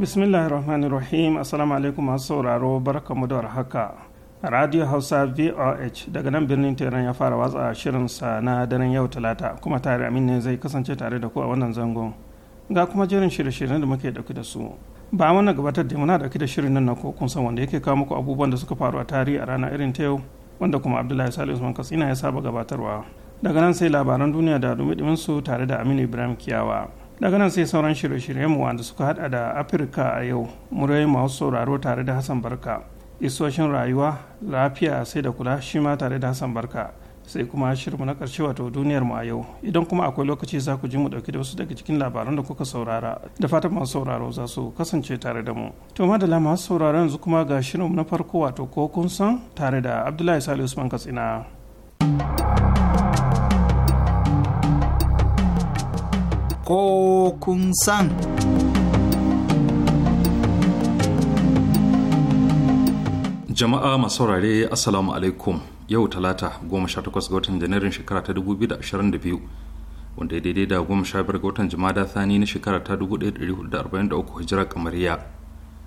bismillahirrahmanirrahim assalamu alaikum masu sauraro barkamu da haka radio hausa voh daga nan birnin teran ya fara watsa shirinsa na daren yau talata kuma tare amin ne zai kasance tare da ku a wannan zangon ga kuma jerin shirye-shiryen da muke dauki da su ba mana gabatar da muna dauki da shirin nan na ko kun san wanda yake kawo muku abubuwan da suka faru a tarihi a rana irin ta yau wanda kuma abdullahi salisu usman katsina ya saba gabatarwa daga nan sai labaran duniya da dumi su tare da aminu ibrahim kiyawa daga nan sai sauran shirye-shiryenmu wanda suka hada da afirka a yau murayi masu sauraro tare da hassan barka isoshin rayuwa lafiya sai da kula shi ma tare da hassan barka sai kuma shirmu na karshe wato duniyar mu a yau idan kuma akwai lokaci za ku ji mu dauki da wasu daga cikin labaran da kuka saurara da fatan masu sauraro za su kasance tare da mu to la masu sauraro yanzu kuma ga shirinmu na farko wato ko kun san tare da abdullahi salisu usman katsina ko kun san. Jama'a masu saurare Assalamu alaikum yau talata goma sha takwas ga watan janairun shekara ta dubu biyu da ashirin da biyu wanda ya daidai da goma sha biyar ga watan jimada thani na shekara ta dubu ɗaya da ɗari hudu da arba'in da uku hijira kamariya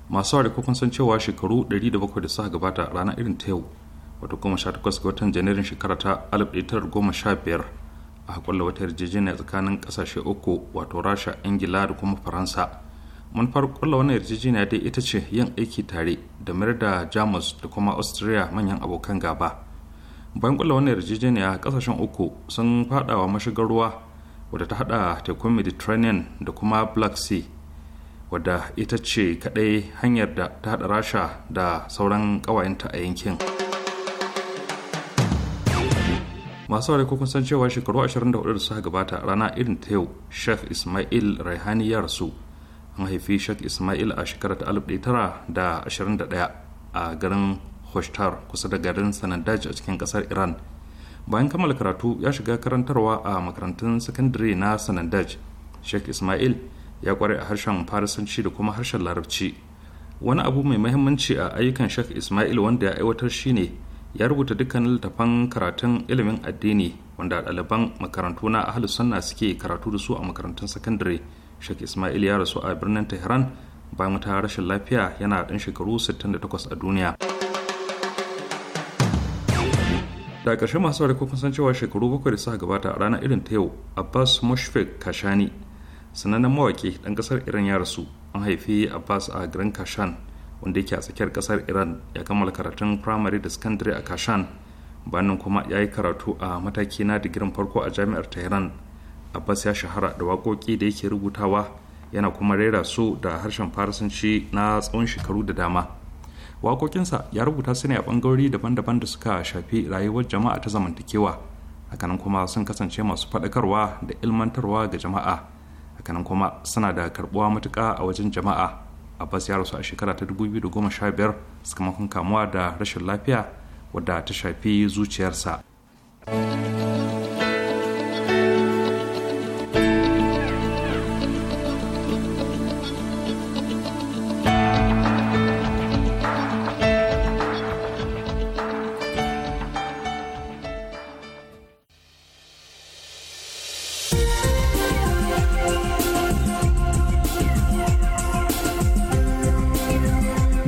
masu saurare kun san cewa shekaru ɗari da bakwai da suka gabata rana irin ta yau wato goma sha takwas ga watan janairun shekara ta alif ɗaya tara goma sha biyar a kulla wata yarjejeniya tsakanin kasashe uku wato rasha ingila da kuma faransa manufar kwallo wannan yarjejeniya dai ita ce yin aiki tare da mayar da jamus da kuma austria manyan abokan gaba bayan kwallo wannan yarjejeniya kasashen uku sun fadawa mashigar ruwa wadda ta hada tekun mediterranean da kuma black sea wadda ita ce kadai hanyar da ta hada rasha da sauran kawayenta a yankin. masu ko kun san cewa shekaru 24 da suka gabata rana irin ta yau chef ismail raihani ya rasu an haifi chef ismail a shekarar ta 1921 a garin hoshtar kusa da garin sanandaji a cikin kasar iran bayan kammala karatu ya shiga karantarwa a makarantun sakandare na sanandaj shek ismail ya kware a harshen farisanci da kuma harshen larabci wani abu mai mahimmanci a ayyukan shek ismail wanda ya aiwatar shine ya rubuta dukkan littafan karatun ilimin addini wanda ɗaliban makarantu na ahalus sunna suke karatu da su a makarantun sakandare Sheikh Ismail ya rasu a birnin Tehran bayan wata rashin lafiya yana ɗan shekaru 68 a duniya. daga ƙarshe masu wari kun san cewa shekaru bakwai da suka gabata a ranar irin ta yau Abbas Mushfik Kashani sanannen mawaƙi ɗan ƙasar Iran ya rasu an haifi Abbas a garin Kashan wanda yake a tsakiyar kasar iran ya kammala karatun firamare da sakandare a kashan bayan kuma ya yi karatu a mataki na digirin farko a jami'ar tehran abbas ya shahara da waƙoƙi da yake rubutawa yana kuma rera su da harshen farasanci na tsawon shekaru da dama waƙoƙinsa ya rubuta su ne a bangarori daban-daban da suka shafi rayuwar jama'a ta zamantakewa hakanan kuma sun kasance masu faɗakarwa da ilmantarwa ga jama'a hakanan kuma suna da karɓuwa matuka a wajen jama'a abbas ya rasu a shekara ta 2015 sakamakon kamuwa da rashin lafiya wadda ta shafi zuciyarsa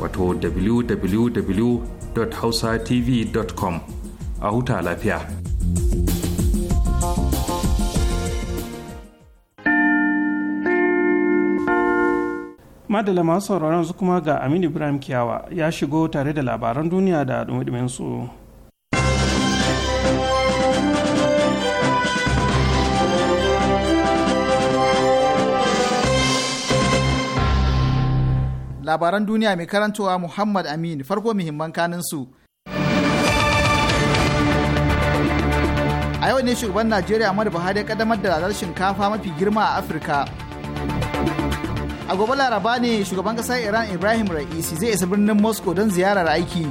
wato www.hausatv.com a huta lafiya. Madala masu sauraron su kuma ga Aminu Ibrahim Kiyawa ya shigo tare da labaran duniya da dumi su. labaran duniya mai karantowa Muhammad Amin farko muhimman kanin su. A yau ne shugaban Najeriya Muhammadu Buhari ya kaddamar da ladar shinkafa mafi girma a Afirka. A gobe Laraba ne shugaban ƙasar Iran Ibrahim Ra'isi zai isa birnin Moscow don ziyarar aiki.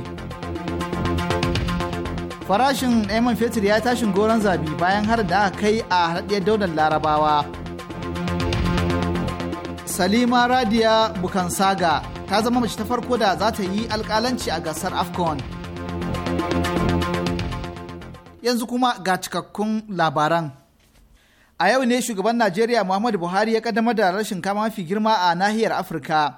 Farashin man fetur ya tashin goron zabi bayan har da aka kai a haɗaɗɗiyar daular Larabawa. salima radiya bukansaga ta zama mace ta farko da za ta yi alkalanci a gasar afcon yanzu kuma ga cikakkun labaran a yau ne shugaban najeriya muhammadu buhari ya kaddamar da rashin kama mafi girma a nahiyar afirka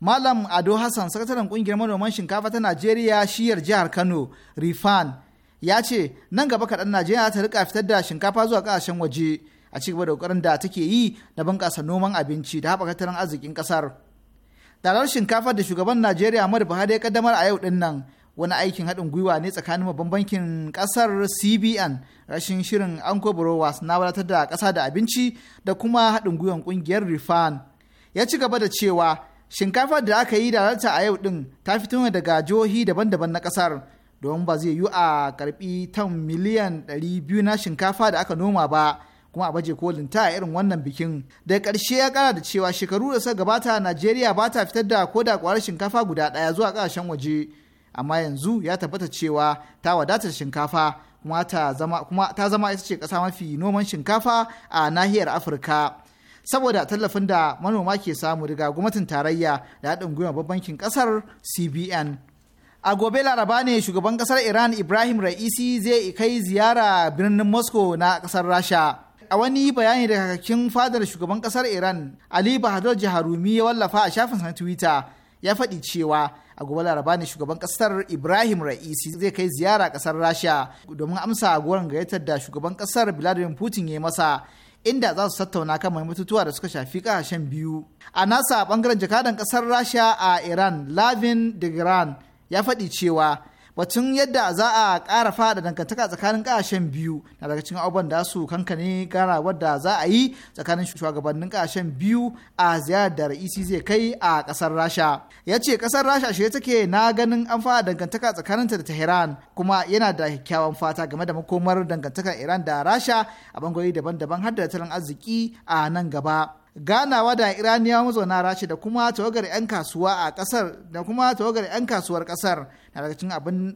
malam ado hassan sakataren kungiyar manoman shinkafa ta najeriya shiyar jihar kano rifan ya ce nan gaba kaɗan najeriya ta rika fitar da shinkafa zuwa ƙasashen waje a cigaba da ƙoƙarin da take yi na bunƙasa noman abinci da haɓaka tattalin arzikin ƙasar. dalar shinkafa da shugaban Najeriya Ahmadu Buhari ya kaddamar a yau ɗin nan wani aikin haɗin gwiwa ne tsakanin babban bankin ƙasar CBN rashin shirin Anko Borowas na wadatar da ƙasa da abinci da kuma haɗin gwiwan ƙungiyar Rifan. Ya ci gaba da cewa shinkafar da aka yi dalarta a yau ɗin ta fito ne daga jihohi daban-daban na ƙasar domin ba zai yi a karɓi tan miliyan 200 na shinkafa da aka noma ba. kuma a baje kolin ta irin wannan bikin da karshe ya kara da cewa shekaru da suka gabata najeriya ba ta fitar da koda kwarar shinkafa guda ɗaya zuwa kasashen waje amma yanzu ya tabbata cewa ta wadatar shinkafa kuma ta zama kuma ta zama ita ce ƙasa mafi noman shinkafa a nahiyar afirka saboda tallafin da manoma ke samu daga gwamnatin tarayya da haɗin gwiwa bankin ƙasar cbn a gobe laraba ne shugaban kasar iran ibrahim ra'isi zai kai ziyara birnin moscow na kasar rasha a wani bayani daga kakakin fadar shugaban kasar iran ali bahadur jaharumi ya wallafa a shafinsa na twitter ya faɗi cewa a gobe laraba ne shugaban kasar ibrahim ra'isi zai kai ziyara kasar rasha domin amsa a goron gayyatar da shugaban kasar vladimir putin ya masa inda za su tattauna kan mai mutuwa da suka shafi kasashen biyu a nasa bangaren jakadan kasar rasha a iran lavin de ya faɗi cewa batun yadda za a ƙara fada dangantaka tsakanin ƙasashen biyu na daga cikin abubuwan da su kankane gara da za a yi tsakanin shugabannin ƙasashen biyu a ziyarar da ra'isi zai kai a ƙasar rasha ya ce ƙasar rasha shi take na ganin an fara dangantaka tsakanin ta da tehran kuma yana da kyakkyawan fata game da makomar dangantakar iran da rasha a bangarori daban-daban har da tattalin arziki a nan gaba ganawa da iraniya mazauna rashi da kuma tawagar 'yan kasuwa a kasar da kuma tawagar 'yan kasuwar kasar na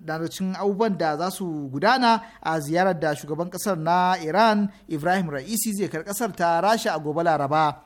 daga cikin abubuwan da za su gudana a ziyarar da shugaban kasar na iran ibrahim ra'isi zai kar kasar ta rasha a gobe laraba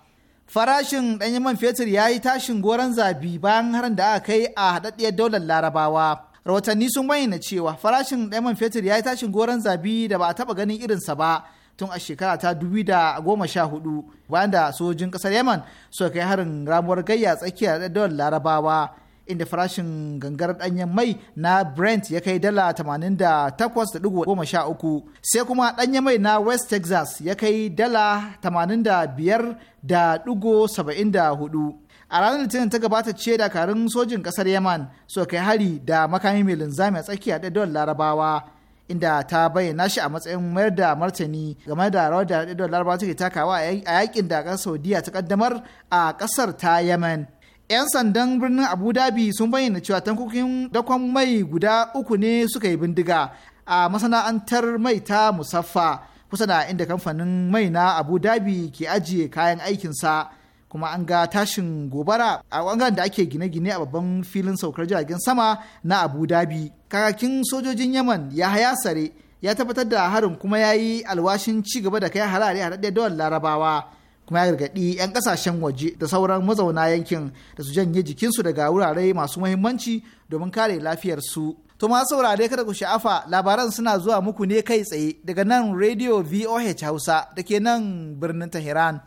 farashin ɗanyen man fetur ya yi tashin goron zabi bayan harin da aka kai a haɗaɗɗiyar daular larabawa rahotanni sun bayyana cewa farashin ɗanyen man fetur ya yi tashin goron zabi da ba a taɓa ganin irinsa ba tun a shekara ta hudu bayan da sojin kasar yaman suka kai harin ramuwar gayya tsakiyar dawar larabawa inda farashin gangar danyen mai na brent ya kai dala 88.13 sai kuma danyen mai na west texas ya kai dala 85.74 a ranar litinin ta gabata ce dakarun sojin kasar yaman suka kai hari da makami mai linzami a tsakiya da larabawa inda ta bayyana shi a matsayin mayar da martani game da rawar da haɗe larabawa take takawa a yakin da ƙasar saudiya ta kaddamar a ƙasar ta yemen 'yan sandan birnin abu dhabi sun bayyana cewa tankokin dakon mai guda uku ne suka yi bindiga a masana'antar mai ta musaffa kusa da inda kamfanin mai na abu dhabi ke ajiye kayan aikinsa kuma an ga tashin gobara a bangaren da ake gine-gine a babban filin saukar jiragen sama na abu dhabi kakakin sojojin yaman ya haya sare ya tabbatar da harin kuma ya yi alwashin ci gaba da kai harare a daɗe dawar larabawa kuma ya gargaɗi 'yan ƙasashen waje da sauran mazauna yankin da su janye jikinsu daga wurare masu muhimmanci domin kare lafiyarsu. To ma saurare kada ku sha'afa labaran suna zuwa muku ne kai tsaye daga nan Radio VOH Hausa da ke nan birnin Tehran.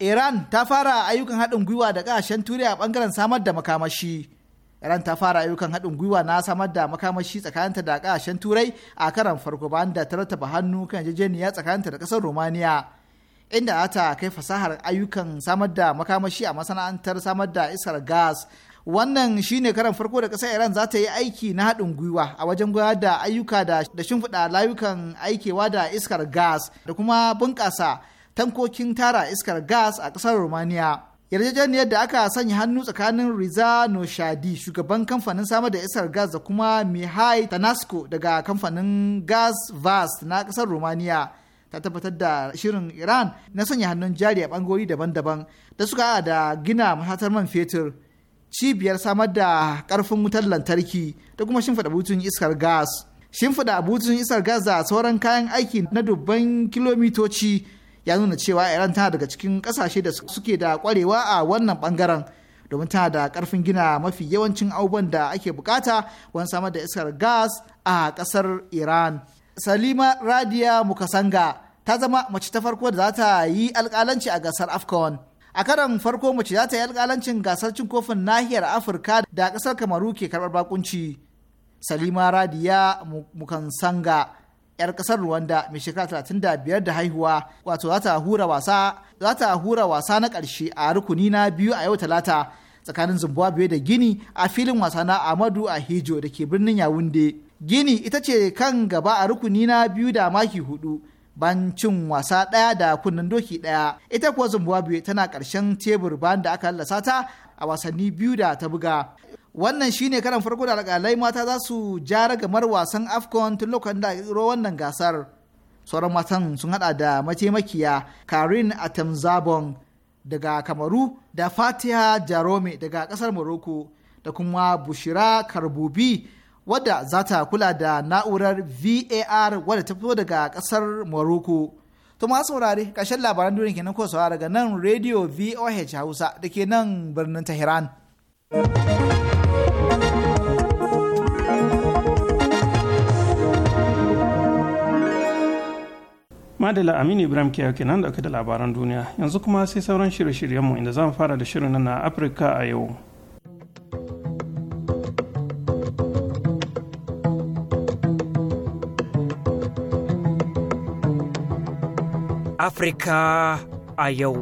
iran ta fara ayyukan haɗin gwiwa da ƙasashen turai a ɓangaren samar da makamashi iran ta fara ayyukan haɗin gwiwa na samar da makamashi tsakaninta da ƙasashen turai a karan farko bayan da ta rataba hannu kan yarjejeniya tsakaninta da ƙasar romania inda ta kai fasahar ayyukan samar da makamashi a masana'antar samar da iskar gas wannan shine karan farko da ƙasar iran za ta yi aiki na haɗin gwiwa a wajen gwiwa da ayyuka da shimfiɗa layukan aikewa da iskar gas da kuma bunƙasa tankokin tara iskar gas a ƙasar Romania. yarjejeniyar da aka sanya hannu tsakanin Riza Noshadi shugaban kamfanin samar da iskar gas da kuma Mihai Tanasco daga kamfanin Gas Vast na ƙasar Romania ta tabbatar da shirin Iran na sanya hannun jari a bangori daban-daban da suka da gina mahatar man fetur cibiyar samar da karfin wutar lantarki da kuma shimfiɗa butun iskar gas shimfiɗa butun iskar gas da sauran kayan aiki na dubban kilomitoci ya nuna cewa iran tana daga cikin kasashe da suke da kwarewa a wannan bangaren domin tana da karfin gina mafi yawancin abubuwan da ake bukata wani samar da iskar gas a kasar iran salima radiya mukasanga ta zama mace ta farko da za ta yi alkalanci a gasar afcon a karan farko mace za ta yi alkalancin gasar cin kofin nahiyar afirka da kasar kamaru ke karbar bakunci salima radiya mukansanga 'yar kasar Rwanda mai shekara talatin da biyar da haihuwa wato za ta hura wasa za ta hura wasa na ƙarshe a rukuni na biyu a yau talata tsakanin Zimbabwe da Gini a filin wasa na Amadu Ahijo da ke birnin Yawunde. Gini ita ce kan gaba a rukuni na biyu da maki hudu ban cin wasa ɗaya da kunnen doki ɗaya ita kuwa Zimbabwe tana karshen tebur ban da aka lalasa ta a wasanni biyu da ta buga. wannan shine karan farko da alƙalai mata za su ja ragamar wasan afcon tun lokacin da iro wannan gasar sauran matan sun hada da mataimakiya karin atamzabon daga kamaru da fatiha jarome daga kasar morocco da kuma bushira karbubi wadda za ta kula da na'urar var wadda ta fito daga kasar morocco to ma saurare ƙarshen labaran duniya kenan ko daga nan radio voh hausa da ke nan birnin tehran madala aminu ibrahim yake kenan da da labaran duniya yanzu kuma sai sauran shirye-shiryenmu inda mu fara da shirin na afirka a yau Afirka a yau.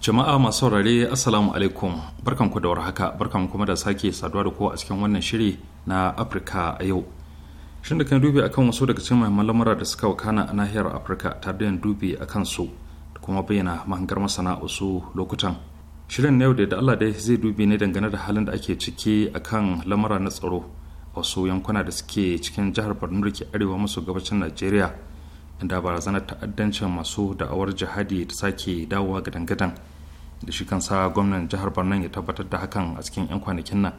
Jama'a masu saurare Assalamu alaikum barkanku da warhaka barkanku kuma da sake saduwa da kowa a cikin wannan shiri na Afirka a yau. shin da kan dubi akan wasu daga cikin mahimman lamura da suka wakana a nahiyar afirka tare da yin dubi kan su da kuma bayyana mahangar masana wasu lokutan shirin na yau da allah dai zai dubi ne dangane da halin da ake ciki kan lamura na tsaro a wasu yankuna da suke cikin jihar borno da ke arewa maso gabacin najeriya inda barazanar ta'addancin masu da'awar jihadi ta sake dawowa gadan-gadan da shi kansa gwamnan jihar borno ya tabbatar da hakan a cikin 'yan kwanakin nan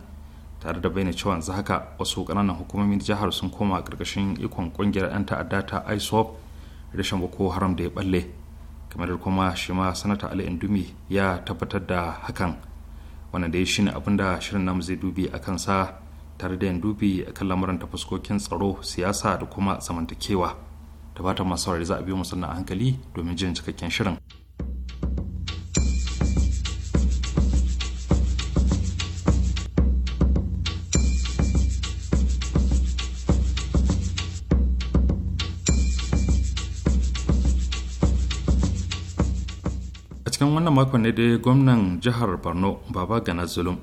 tare da bayyana cewa yanzu haka wasu ƙananan hukumomin jihar sun koma ƙarƙashin ikon ƙungiyar 'yan ta'adda ta isop rashin boko haram da ya balle kamar kuma shi ma sanata ali indumi ya tabbatar da hakan wanda da ya shi ne abinda shirin namu zai dubi a sa tare da yandubi dubi a kan lamuran ta fuskokin tsaro siyasa da kuma zamantakewa da ta masu za a biyo musamman a hankali domin jin cikakken shirin. cikin wannan makon ne dai gwamnan jihar borno baba gana zulum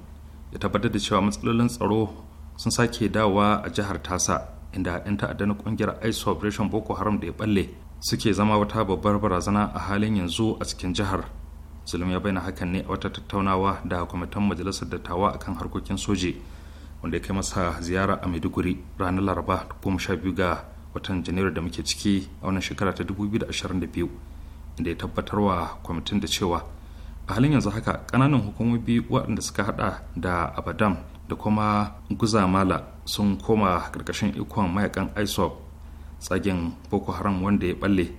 ya tabbatar da cewa matsalolin tsaro sun sake dawowa a jihar tasa inda 'yan ta'adda na kungiyar ice operation boko haram da ya balle suke zama wata babbar barazana a halin yanzu a cikin jihar zulum ya bayyana hakan ne a wata tattaunawa da kwamitin majalisar dattawa akan harkokin soji wanda ya kai masa ziyara a maiduguri ranar laraba 12 ga watan janairu da muke ciki a wannan shekara ta 2022 da ya tabbatar wa kwamitin da cewa a halin yanzu haka kananan hukumomi waɗanda suka hada da abadam da kuma guzamala sun koma karkashin ikon mayakan isop tsagen boko haram wanda ya balle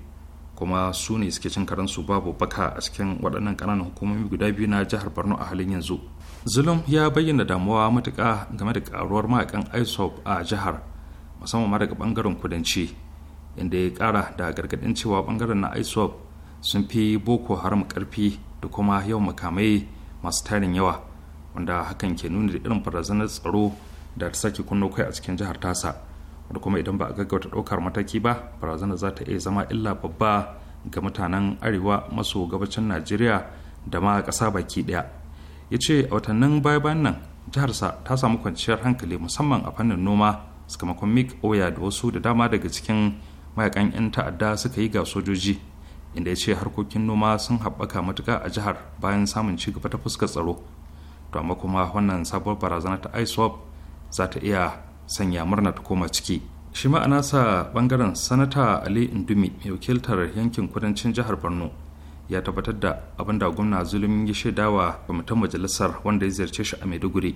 kuma su ne suke cin karansu babu baka a cikin waɗannan kananan hukumomi guda biyu na jihar borno a halin yanzu zulum ya bayyana damuwa matuka game da ƙaruwar mayakan isop a jihar musamman ma daga bangaren kudanci inda ya ƙara da gargaɗin cewa ɓangaren na isop sun fi boko haram karfi da kuma yawan makamai masu tarin yawa wanda hakan ke nuna da irin barazanar tsaro da ta sake kunno kai a cikin jihar tasa wanda kuma idan ba a gaggauta ɗaukar mataki ba barazanar za ta iya zama illa babba ga mutanen arewa maso gabacin najeriya da ma ƙasa baki ɗaya ya ce a watannin baya bayan nan jiharsa ta samu kwanciyar hankali musamman a fannin noma sakamakon mik oya da wasu da dama daga cikin mayakan 'yan ta'adda suka yi ga sojoji inda ya ce harkokin noma sun haɓaka matuka a jihar bayan samun ci gaba ta fuskar tsaro to amma kuma wannan sabuwar barazana ta iswap za ta iya sanya murna ta koma ciki shi ma'ana sa bangaren sanata ali indumi mai wakiltar yankin kudancin jihar borno ya tabbatar da abin da gwamna zulum ya shaidawa kwamitin majalisar wanda ya ziyarce shi a maiduguri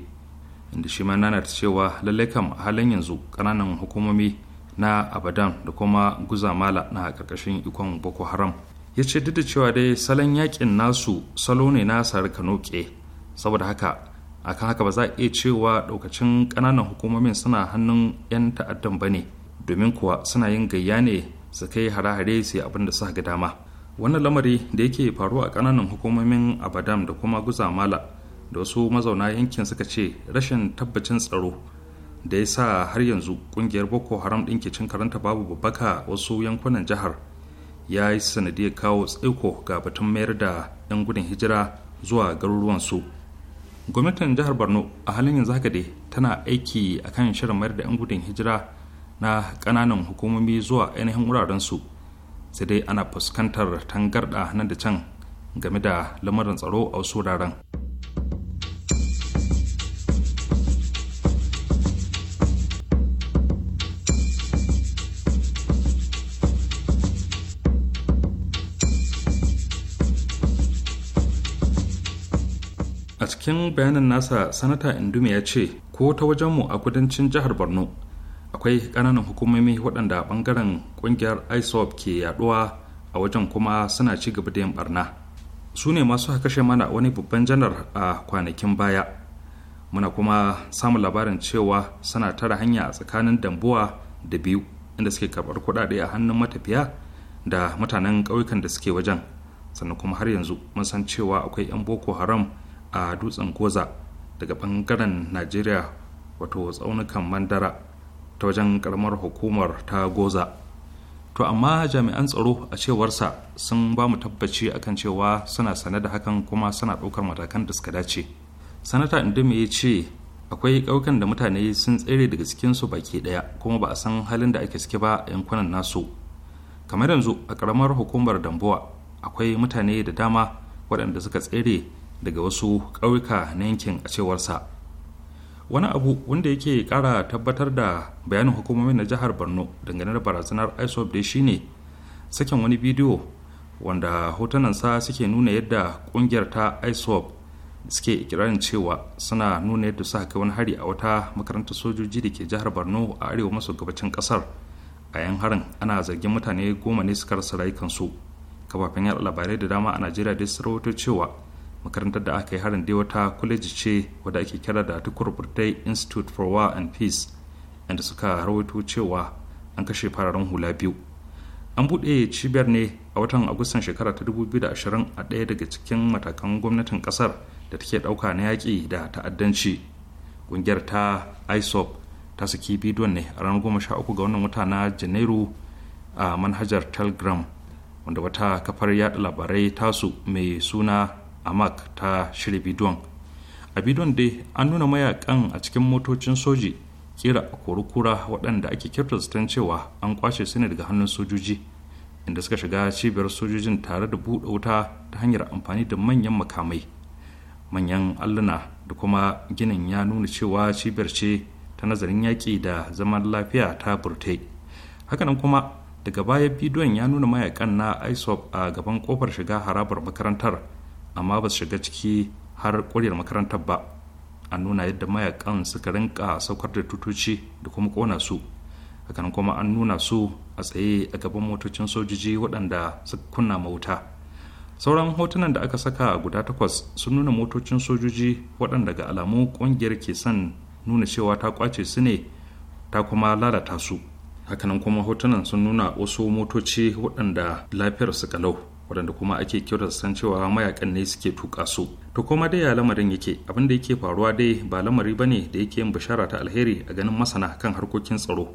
inda shi ma nana cewa lallai kam a halin yanzu ƙananan hukumomi na abadan da kuma guzamala na karkashin ikon boko haram ya ce duk da cewa dai salon yakin nasu salo ne na kanoke saboda haka akan haka ba za a iya cewa ɗaukacin ƙananan hukumomin suna hannun 'yan ta'addan ba ne domin kuwa suna yin gayya ne su kai hare-hare su abin da suka ga dama wannan lamari da yake faruwa a ƙananan hukumomin abadan da kuma guzamala da wasu mazauna yankin suka ce rashin tabbacin tsaro da ya sa har yanzu kungiyar boko haram ɗin ke cin karanta babu babbaka wasu yankunan jihar ya yi sanadiyar kawo tsaiko ga batun mayar da 'yan gudun hijira zuwa garuruwansu gwamnatin jihar borno a halin yanzu haka dai tana aiki akan shirin mayar da 'yan gudun hijira na ƙananan hukumomi zuwa ainihin wurarensu sai dai ana fuskantar tangarɗa nan da can game da lamarin tsaro a wasu wuraren cikin bayanin nasa sanata indume ya ce ko ta wajenmu a kudancin jihar borno akwai ƙananan hukumomi waɗanda ɓangaren ƙungiyar isop ke yaɗuwa a wajen kuma suna ci gaba da yin barna su ne masu kashe mana wani babban janar a kwanakin baya muna kuma samun labarin cewa suna tara hanya a tsakanin dambuwa da biyu inda suke karɓar kuɗaɗe a hannun matafiya da mutanen ƙauyukan da suke wajen sannan kuma har yanzu mun san cewa akwai 'yan boko haram a dutsen koza daga bangaren najeriya wato tsaunukan mandara ta wajen karamar hukumar ta goza to amma jami'an tsaro a cewarsa sun ba mu tabbaci kan cewa suna sane da hakan kuma suna ɗaukar matakan da suka dace sanata indima ya ce akwai ƙaukan da mutane sun tsere daga cikinsu baki ɗaya kuma ba a san halin da ake suke ba a yankunan nasu kamar yanzu a ƙaramar hukumar damboa akwai mutane da dama waɗanda suka tsere daga wasu ƙauyuka na yankin a cewarsa wani abu wanda yake ƙara tabbatar da bayanin hukumomin na jihar borno dangane da barazanar isop da ne sakin wani bidiyo wanda hotunansa suke nuna yadda ƙungiyar ta isop suke ikirarin cewa suna nuna yadda suka kai wani hari a wata makarantar sojoji da ke jihar borno a arewa maso gabacin ƙasar a yan harin ana zargin mutane goma ne suka rasa rayukansu kafafen yaɗa labarai da dama a najeriya dai su rawaito cewa makarantar da aka yi harin dai wata kwaleji ce wadda ake kira da tukur burtai institute for war and peace inda suka rawaito cewa an kashe fararen hula biyu an buɗe cibiyar ne a watan agustan shekara ta 2020 a ɗaya daga cikin matakan gwamnatin ƙasar da take ɗauka na yaƙi da ta'addanci ƙungiyar ta isop ta saki bidiyon ne a ranar 13 ga wannan wata na janairu a manhajar telegram wanda wata kafar yaɗa labarai tasu mai suna a amak ta shirya bidiyon a bidiyon dai an nuna mayakan a cikin motocin soji kira kura waɗanda ake kirtastan cewa an kwashe su ne daga hannun sojoji inda suka shiga cibiyar sojojin tare da buɗe wuta ta hanyar amfani da manyan makamai manyan alluna da kuma ginin ya nuna cewa cibiyar ce ta nazarin yaƙi da zaman lafiya ta burtai hakanan kuma daga baya bidiyon ya nuna mayakan na isop a gaban kofar shiga harabar makarantar amma ba su shiga ciki har ƙwarewar makarantar ba a nuna yadda mayakan suka rinka saukar da tutoci da kuma ƙona su hakan kuma an nuna su a tsaye a gaban motocin sojoji waɗanda suka kunna mauta sauran hotunan da aka saka guda takwas sun nuna motocin sojoji waɗanda ga alamu ƙungiyar ke son nuna cewa ta kwace su ne ta kuma lalata su hakanan kuma hotunan sun nuna wasu motoci waɗanda lafiyar su kalau wadanda kuma ake kyauta san cewa mayakan ne suke tuka su to kuma dai ya lamarin yake abin da yake faruwa dai ba lamari bane da yake yin bishara ta alheri a ganin masana kan harkokin tsaro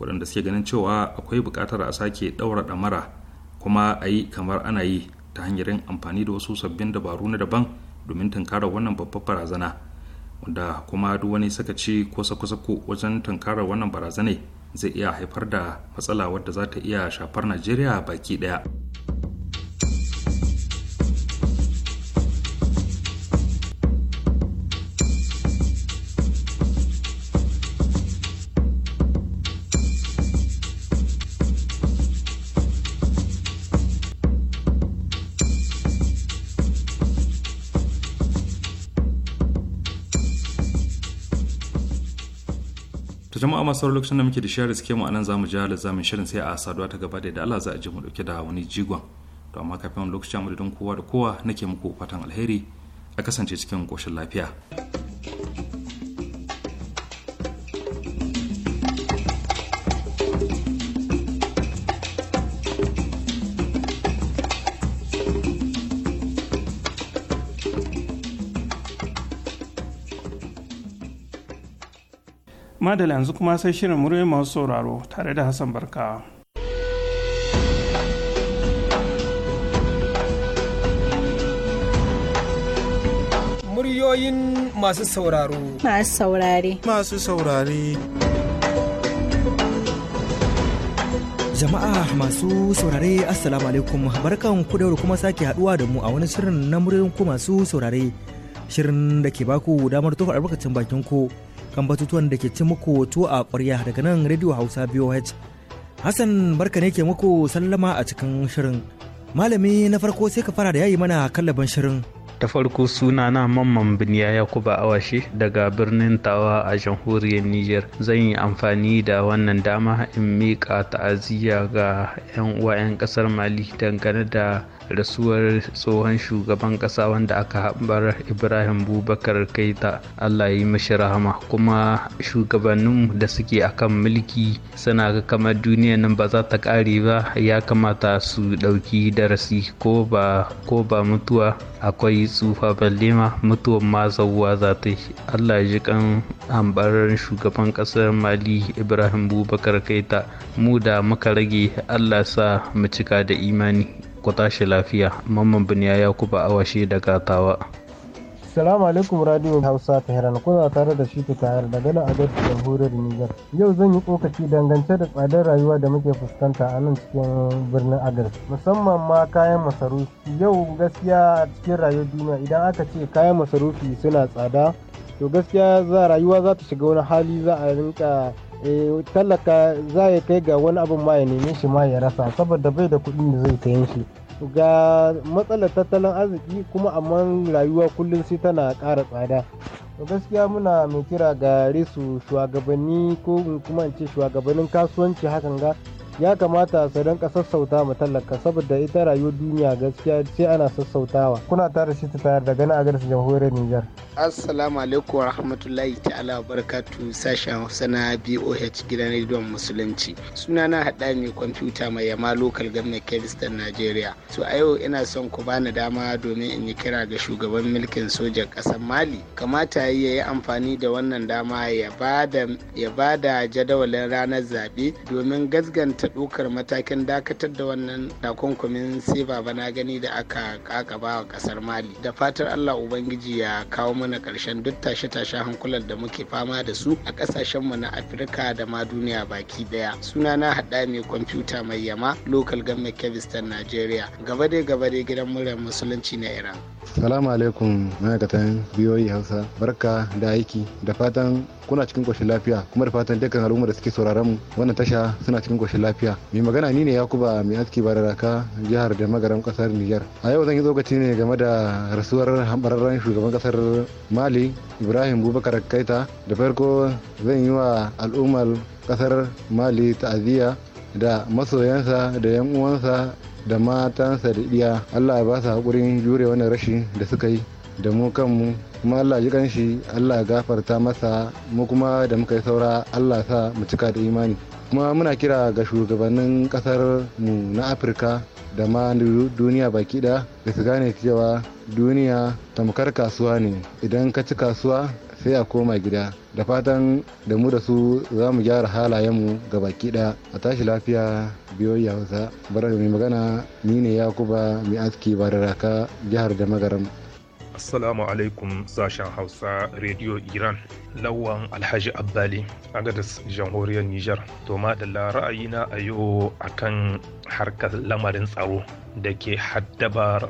waɗanda suke ganin cewa akwai bukatar a sake ɗaura ɗamara kuma a yi kamar ana yi ta hanyar yin amfani da wasu sabbin dabaru na daban domin tunkarar wannan babbar barazana wanda kuma duk wani sakaci ko sako-sako wajen tunkarar wannan barazana zai iya haifar da matsala wadda za ta iya shafar najeriya baki ɗaya. jama'a masu lokacin da muke da share suke mu anan za mu ji zamin shirin sai a saduwa ta gaba da da Allah za a ji mu dauke da wani jigon to amma kafin lokacin mu da kowa da kowa nake muku fatan alheri a kasance cikin koshin lafiya. madala yanzu kuma sai shirin murya masu sauraro tare da hassan barka muryoyin masu sauraro masu saurare masu saurare jama'a masu saurare assalamu alaikum barkan ku da kuma sake haduwa da mu a wani shirin na muryoyin ku masu saurare shirin da ke baku damar tofa albarkacin bakin ku kan batutuwan da ke ci muku to a ƙwarya daga nan Radio Hausa BOH. Hassan barka ne ke muku sallama a cikin shirin. Malami na farko sai ka fara da yayi mana kallaban shirin. ta farko suna na mamman biniya yakuba awashe daga birnin tawa a jamhuriyar niger zan yi amfani da wannan dama in miƙa ta'aziyya ga 'yan uwa 'yan ƙasar mali dangane da rasuwar tsohon shugaban ƙasa wanda aka haɓar ibrahim bubakar kaita allah yi mashi rahama kuma shugabanninmu da suke akan mulki suna ga kamar duniya nan ba za ta ƙare ba ya kamata su ɗauki darasi ko ba ko ba mutuwa akwai tsufa balle ma mutuwan ma zauwa za ta yi allah ji kan shugaban ƙasar mali ibrahim bubakar kaita mu da muka rage allah sa mu cika da imani ku tashi lafiya mamman biniya ya kuba awashi daga tawa Salamu alaikum Radio Hausa ta Tehran kuna tare da shi ta yar daga nan Agadis Jamhuriyar Nijar. Yau zan yi kokaci dangance da tsadar rayuwa da muke fuskanta a nan cikin birnin Agadis. Musamman ma kayan masarufi. Yau gaskiya a cikin rayuwar duniya idan aka ce kayan masarufi suna tsada to gaskiya za rayuwa za ta shiga wani hali za a rinka Eh, talaka za ya kai ga wani abin ma ya neme shi ma ya rasa saboda bai da kuɗin da zai sayan shi ga matsalar tattalin arziki kuma amma rayuwa kullum sai tana ƙara tsada gaskiya muna mai kira ga risu shugabanni ko kuma in ce shugabannin kasuwanci hakan ga ya kamata su ka sassauta mu tallaka saboda ita rayuwar duniya gaskiya ce ana sassautawa kuna tare shi ta tayar da gani a garsa jamhuriyar Nijar assalamu alaikum rahmatullahi ta'ala barakatu sashen Hausa na BOH gidan rediyon musulunci suna na hada mai kwamfuta mai yama local government Kebistan nigeria so a yau ina son ku bani dama domin in yi kira ga shugaban mulkin sojan ƙasar Mali kamata ya yi amfani da wannan dama ya ba da jadawalin ranar zabe domin gasganta gaggauta ɗaukar matakin dakatar da wannan takunkumin sai baba na gani da aka kakaba wa ƙasar mali da fatar allah ubangiji ya kawo mana ƙarshen duk tashe-tashen hankulan da muke fama da su a ƙasashenmu na afirka da ma duniya baki ɗaya suna na hada mai kwamfuta mai yama local government kevistan nigeria gaba dai gaba dai gidan muryar musulunci na iran salamu alaikum ma'aikatan biyoyi e hausa barka da aiki da fatan kuna cikin koshin lafiya kuma da fatan dukkan al'umma da suke sauraron mu wannan tasha suna cikin koshin lafiya lafiya mai magana ni ne yakuba mai aski bararaka jihar da magaran kasar niger a yau zan yi tsokaci ne game da rasuwar hambararren shugaban kasar mali ibrahim bubakar kaita da farko zan yi wa al'ummar kasar mali ta'aziyya da masoyansa da yan uwansa da matansa da iya allah ya ba su haƙurin jure wannan rashi da suka yi da mu kanmu kuma allah ji kanshi allah gafarta masa mu kuma da muka yi saura allah sa mu cika da imani kuma muna kira ga shugabannin kasar mu na afirka da ma duniya baki da da su gane cewa duniya tamkar kasuwa ne idan ka ci kasuwa sai a koma gida da fatan da mu da su za mu gyara halayenmu ga baki da a tashi lafiya biyoyi hausa da mai magana ni ne yakuba mai aski ba da raka jihar da magaram assalamu alaikum sashen hausa radio iran lawan alhaji abbali agadis jamhuriyar niger to madalla ra'ayina a yau akan harkar lamarin tsaro da ke haddabar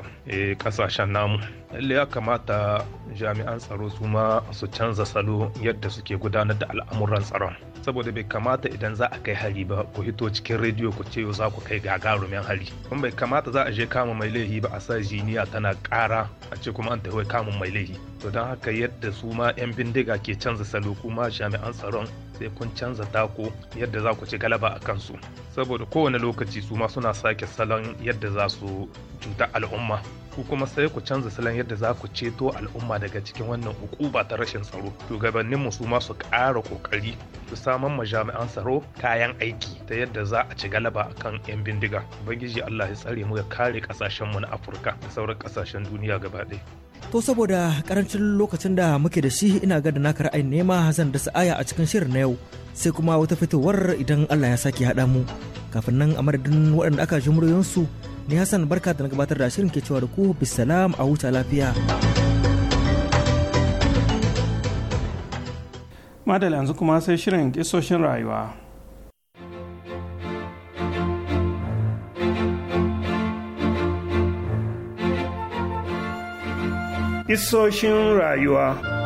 kasashen eh, namu lalle ya kamata jami'an tsaro su ma su canza salo yadda suke gudanar da al'amuran tsaron saboda bai kamata idan za a kai hari ba ku hito cikin rediyo ku ce za ku kai gagarumin hari kuma bai kamata za a je kama mai laihi ba a sa jiniya tana ƙara a ce kuma an tafi kamun mai laihi to don haka yadda su ma 'yan bindiga ke canza salo kuma jami'an tsaron sai kun canza tako yadda za ku ci galaba a kansu saboda kowane lokaci su ma suna sake salon yadda za su cuta al'umma ku kuma sai ku canza salon yadda za ku ceto al'umma daga cikin wannan hukuma ta rashin tsaro shugabannin mu su ma su ƙara kokari su samar ma jami'an tsaro kayan aiki ta yadda za a ci galaba kan yan bindiga ubangiji Allah ya tsare mu ya kare kasashen mu na Afirka da sauran kasashen duniya gaba to saboda karancin lokacin da muke da shi ina ga da naka ra'ayin nema zan dasa aya a cikin shirin na yau sai kuma wata fitowar idan Allah ya sake haɗa mu kafin nan a madadin waɗanda aka ji muryoyinsu Ni Hassan barka da na gabatar da shirin ke cewa da ku bisalam a huta lafiya. Madal yanzu kuma sai shirin kisoshin rayuwa. Isoshin rayuwa.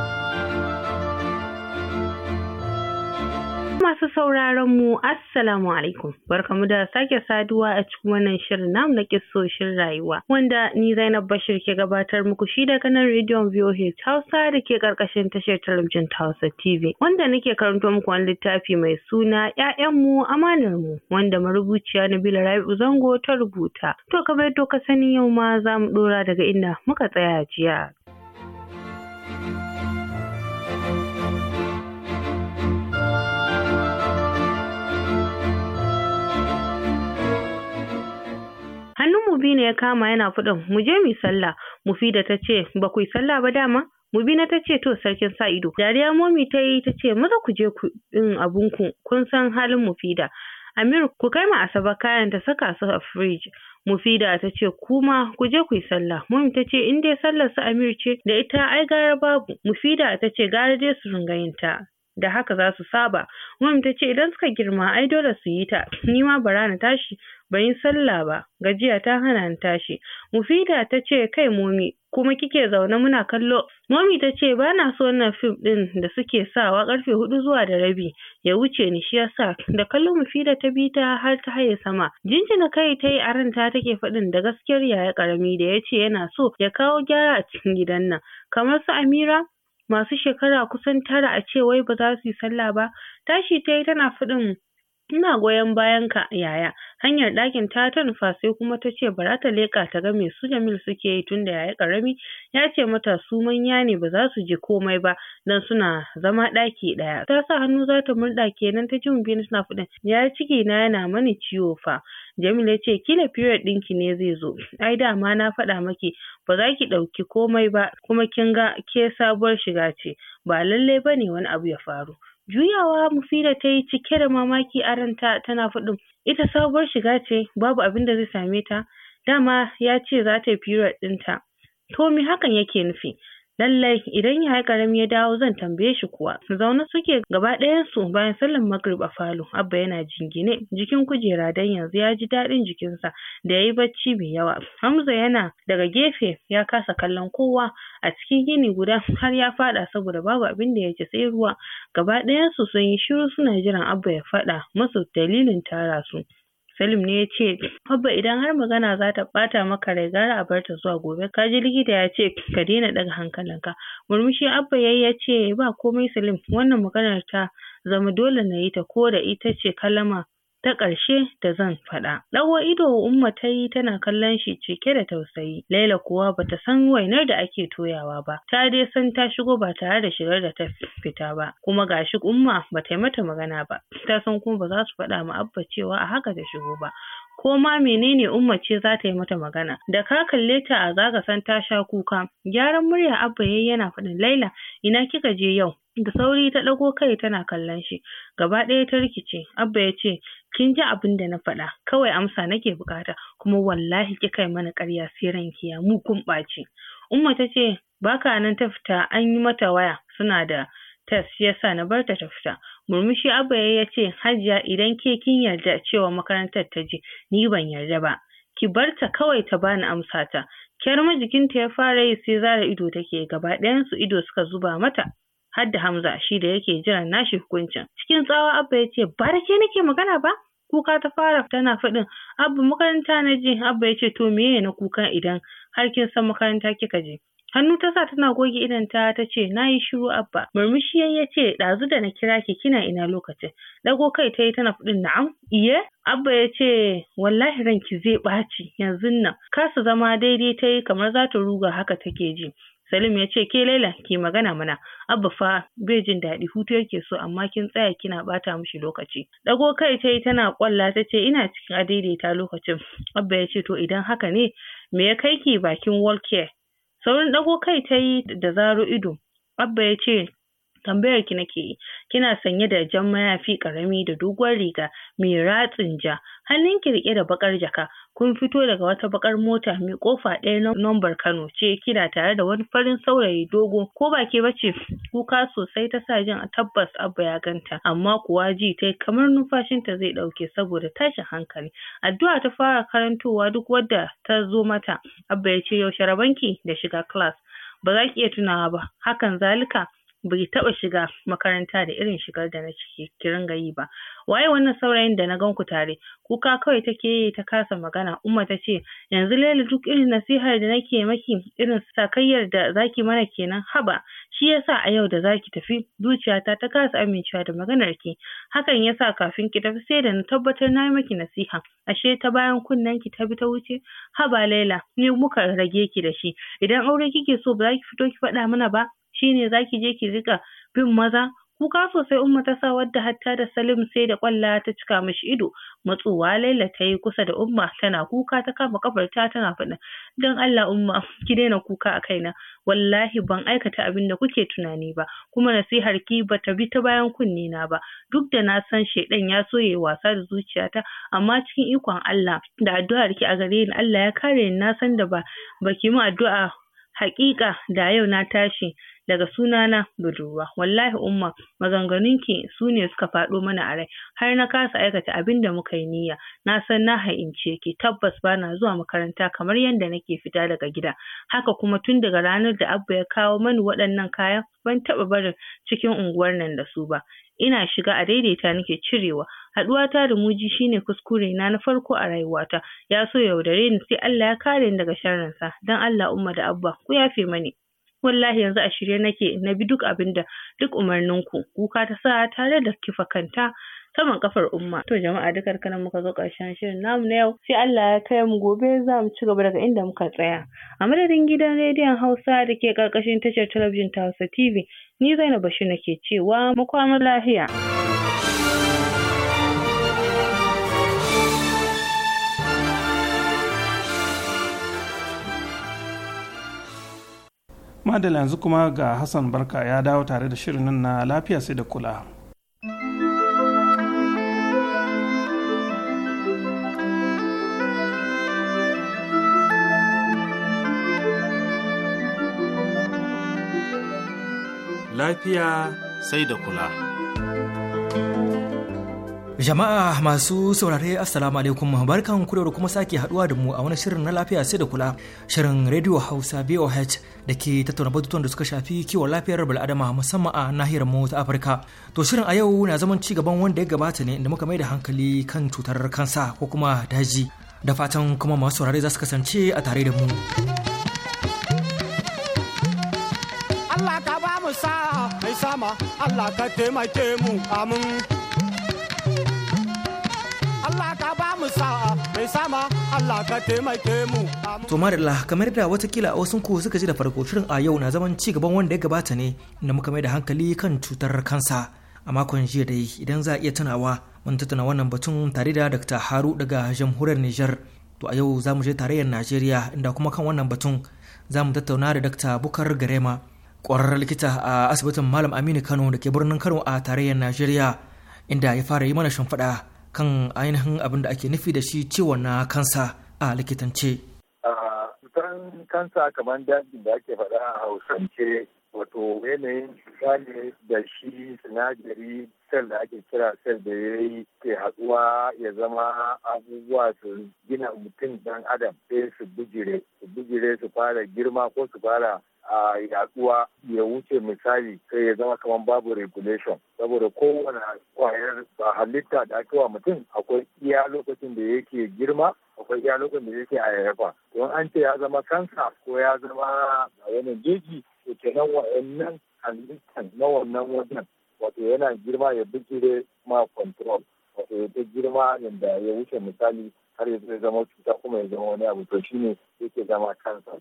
Masu sauraron mu Assalamu alaikum. Barkamu da sake saduwa a cikin wannan shirin nam na kissoshin rayuwa wanda ni Zainab Bashir ke gabatar muku shi daga nan rediyon VOH Hausa da ke karkashin tashar talabijin ta Hausa TV wanda nake karanto muku wani littafi mai suna ‘Ya'yan mu amanar mu wanda marubuciya Nabila Rabi'u Zango ta rubuta. To kamar yadda ka sani yau ma za mu ɗora daga inda muka tsaya jiya. hannun mu mubina ya kama yana faɗin mu je mu yi sallah mufida ta ce ba ku yi sallah ba dama mubina ta ce to sarkin sa ido dariya momi ta yi ta ce maza ku je ku ɗin abunku kun san halin mufida Amir ku kai ma asaba kayan ta saka su a firij. Mufida ta ce kuma ku je ku yi sallah. momi ta ce in dai sallar su Amir ce da ita ai gara babu. Mufida ta ce gara dai su ringa Da haka za su saba. momi ta ce idan suka girma ai dole su yi ta. Ni ma bara na tashi ban yi sallah ba gajiya ta hana ni tashi mufida ta ce kai momi kuma kike zaune muna kallo momi ta ce ba na so wannan fim din da suke sawa karfe hudu zuwa da rabi ya wuce ni shi yasa da kallo mufida ta bi ta har ta haye sama jinjina kai ta yi a ranta take faɗin da gaskiyar yaya karami da ya ce yana so ya kawo gyara a cikin gidan nan kamar su amira masu shekara kusan tara a ce wai ba za su yi sallah ba tashi ta yi tana faɗin ina goyon bayan ka yaya hanyar ɗakin ta ta nufa sai kuma ta ce bara ta leƙa ta ga me su Jamil suke yi tunda yaya ƙarami ya ce mata su manya ne ba za su ji komai ba dan suna zama ɗaki ɗaya ta sa hannu za ta murɗa kenan ta ji mubin suna faɗin ya ciki na yana mani ciwo fa Jamil ya ce kila period ɗinki ne zai zo ai dama na faɗa maki ba za ki ɗauki komai ba kuma kin ga ke sabuwar shiga ce ba lallai ba ne," wani abu ya faru Juyawa mufira ta yi cike da mamaki a ranta tana faɗin ita sabuwar shiga ce babu abin da zai same ta dama ya ce za ta yi period ɗinta. To me hakan yake nufi? lallai idan ya karami ya dawo zan tambaye shi kuwa zaune suke gaba ɗayan su bayan sallan magrib a falo abba yana jingine jikin kujera dan yanzu ya ji daɗin jikinsa da yayi bacci mai yawa hamza yana daga gefe ya kasa kallon kowa a cikin gini guda har ya faɗa saboda babu abin da yake sai ruwa gaba ɗayan su sun yi shiru suna jiran abba ya faɗa musu dalilin tara su Salim ne ya ce, Abba idan har magana za ta ɓata maka rai gara a barta zuwa gobe, ka ji likita ya ce ka daina ɗaga hankalinka. Murmushi Abba yayi ya ce ba komai Salim, wannan maganar ta zama dole na yi ta ko da ita ce kalama. ta ƙarshe da zan faɗa. Ɗago ido Umma ta yi tana kallon shi cike da tausayi. Laila kuwa bata san wainar da ake toyawa ba. Ta dai san ta shigo ba tare da shigar da ta fita ba. Kuma gashi Umma bata yi mata magana ba. Ta san kuma ba za su faɗa ma Abba cewa a haka ta shigo ba. ko ma menene umma ce za ta yi mata magana da ka kalle ta a zaka san ta sha kuka gyaran murya abba yayi yana faɗin laila ina kika je yau da sauri ta ɗago kai tana kallon shi gaba ɗaya ta rikice abba ya ce kin ji abin da na faɗa kawai amsa nake bukata kuma wallahi kika yi mana ƙarya sai kiya ya kun ɓaci umma ta ce baka nan ta fita an yi mata waya suna da tes shi yasa na bar ta ta fita Murmushi Abba ya ce, Hajiya idan ke kin yarda cewa makarantar ta je, ni ban yarda ba. Ki barta kawai ta bani amsa ta. Kyarma jikinta ya fara yi sai zara ido take gaba ɗayansu ido suka zuba mata. Har Hamza shi da yake jiran nashi hukuncin. Cikin tsawa Abba ya ce, ba da ke nake magana ba? Kuka ta fara tana faɗin, Abba makaranta na ji Abba ya ce to meye na kuka idan har kin san makaranta kika je. Hannu ta sa tana goge idonta ta ce na yi shiru abba. Murmushi ya ce ɗazu da na kira ki kina ina lokacin. Dago kai ta yi tana faɗin na'am. Iye? Abba ya ce wallahi ranki zai ɓaci yanzun nan. Kasa zama daidai ta yi kamar za ta ruga haka take ji. Salim ya ce ke Laila ki magana mana Abba fa bai jin daɗi hutu yake so amma kin tsaya kina ɓata mishi lokaci. Ɗago kai ta yi tana ƙwalla ta ce ina cikin adaidaita lokacin. Abba ya ce to idan haka ne me ya kai ki bakin wall care Saurin ɗago kai ta yi da zaro ido. Abba ya ce, tambayar ki nake yi kina sanye da jan mayafi ƙarami da doguwar riga mai ratsin ja hannun ki riƙe da baƙar jaka kun fito daga wata bakar mota mai kofa ɗaya lambar Kano ce kina tare da wani farin saurayi dogo ko ba ke bace kuka sosai ta sa jin a tabbas Abba ya ganta amma kuwa ji tayi kamar numfashinta zai ɗauke saboda tashin hankali addu'a ta fara karantowa duk wadda ta zo mata Abba ya ce yaushe rabanki da shiga class ba za ki iya tunawa ba hakan zalika bai taɓa shiga makaranta da irin shigar da na ciki ki ringa yi ba waye wannan saurayin da na gan ku tare kuka kawai take yi ta kasa magana umma ta ce yanzu Laila duk irin nasihar da nake maki irin sakayyar da zaki mana kenan haba shi yasa a yau da zaki tafi zuciyata ta kasa amincewa da maganar ki hakan yasa kafin ki tafi sai da na tabbatar na yi maki nasiha ashe ta bayan kunnen ki ta bi ta wuce haba Laila ni muka rage ki da shi idan aure kike so ba za ki fito ki faɗa mana ba shine zaki je ki rika bin maza kuka sosai umma ta sa wadda hatta da salim sai da kwalla ta cika mishi ido matsuwa laila ta yi kusa da umma tana kuka ta kama kafarta tana faɗa don allah umma ki daina kuka a kaina wallahi ban aikata abin da kuke tunani ba kuma nasihar ki bata bi ta bayan kunne na ba duk da na san shaidan ya so yayi wasa da zuciyata amma cikin ikon allah da addu'ar ki a gare ni allah ya kare ni na san da ba baki mu addu'a haƙiƙa da yau na tashi daga suna na budurwa wallahi umma maganganunki su ne suka faɗo mana a rai har na kasa aikata abin da muka yi niyya na san na ha'ince ki tabbas bana zuwa makaranta kamar yadda nake fita daga gida haka kuma tun daga ranar da abba ya kawo mani waɗannan kayan ban taɓa barin cikin unguwar nan da su ba ina shiga a daidaita nake cirewa haɗuwata da muji shine kuskure na na farko a rayuwata ya so yaudare ni sai Allah ya kare ni daga sharrinsa don Allah umma da abba ku yafe mani wallahi yanzu a shirye nake na bi duk abin da duk ku kuka ta sa tare da kifa kanta saman kafar umma to jama'a dukar kana muka zo karshen shirin namu na yau sai Allah ya kai mu gobe za mu ci gaba daga inda muka tsaya a madadin gidan rediyon Hausa da ke karkashin tashar talabijin ta Hausa TV ni Zainab Bashir nake cewa mu kwana lafiya. madala yanzu kuma ga hassan barka ya dawo tare da shirin nan na lafiya sai da kula lafiya sai da kula Jama'a masu saurare Assalamu alaikum barkan ku da kuma sake haduwa da mu a wani shirin na lafiya sai da kula shirin Radio Hausa BOH da ke tattauna batutuwan da suka shafi kiwon lafiyar bil'adama musamman a nahiyar mu ta Afirka. To shirin a yau na zaman ci gaban wanda ya gabata ne inda muka mai da hankali kan cutar kansa ko kuma daji. Da fatan kuma masu saurare za su kasance a tare da mu. Allah ka ba mu sa'a mai sama Allah ka taimake mu amin. mu sa'a mai sama Allah ka taimake mu. To Marilla kamar da watakila a wasu ku suka ji da farko shirin a yau na zaman ci gaban wanda ya gabata ne inda muka mai da hankali kan cutar kansa. A makon jiya dai idan za a iya tunawa mun tattauna wannan batun tare da Dr. Haru daga jamhuriyar niger To a yau za mu je tarayyar Najeriya inda kuma kan wannan batun za mu tattauna da Dr. Bukar Garema kwararren likita a asibitin Malam Aminu Kano da ke birnin Kano a tarayyar Najeriya inda ya fara yi mana shimfiɗa kan ainihin abin da ake nufi da shi ciwon na kansa a likitance. Ah, cutar kansa kamar dajin da ake faɗa a hausance wato yanayin cuta da shi sinadari sel da ake kira sel da ya yi ke haɗuwa ya zama abubuwa su gina mutum dan adam sai su bijire su bujire su fara girma ko su fara a yaduwa ya wuce misali sai ya zama kamar babu regulation saboda kowane kwayar ba halitta da ake wa mutum akwai iya lokacin da yake girma akwai iya lokacin da yake a yayyafa don an ce ya zama kansa ko ya zama wani jeji to nan wa'annan halittar na wannan wajen wato yana girma ya bijire ma control wato ya ta girma yadda ya wuce misali har ya zai zama cuta kuma ya zama wani abu to shine yake zama kansa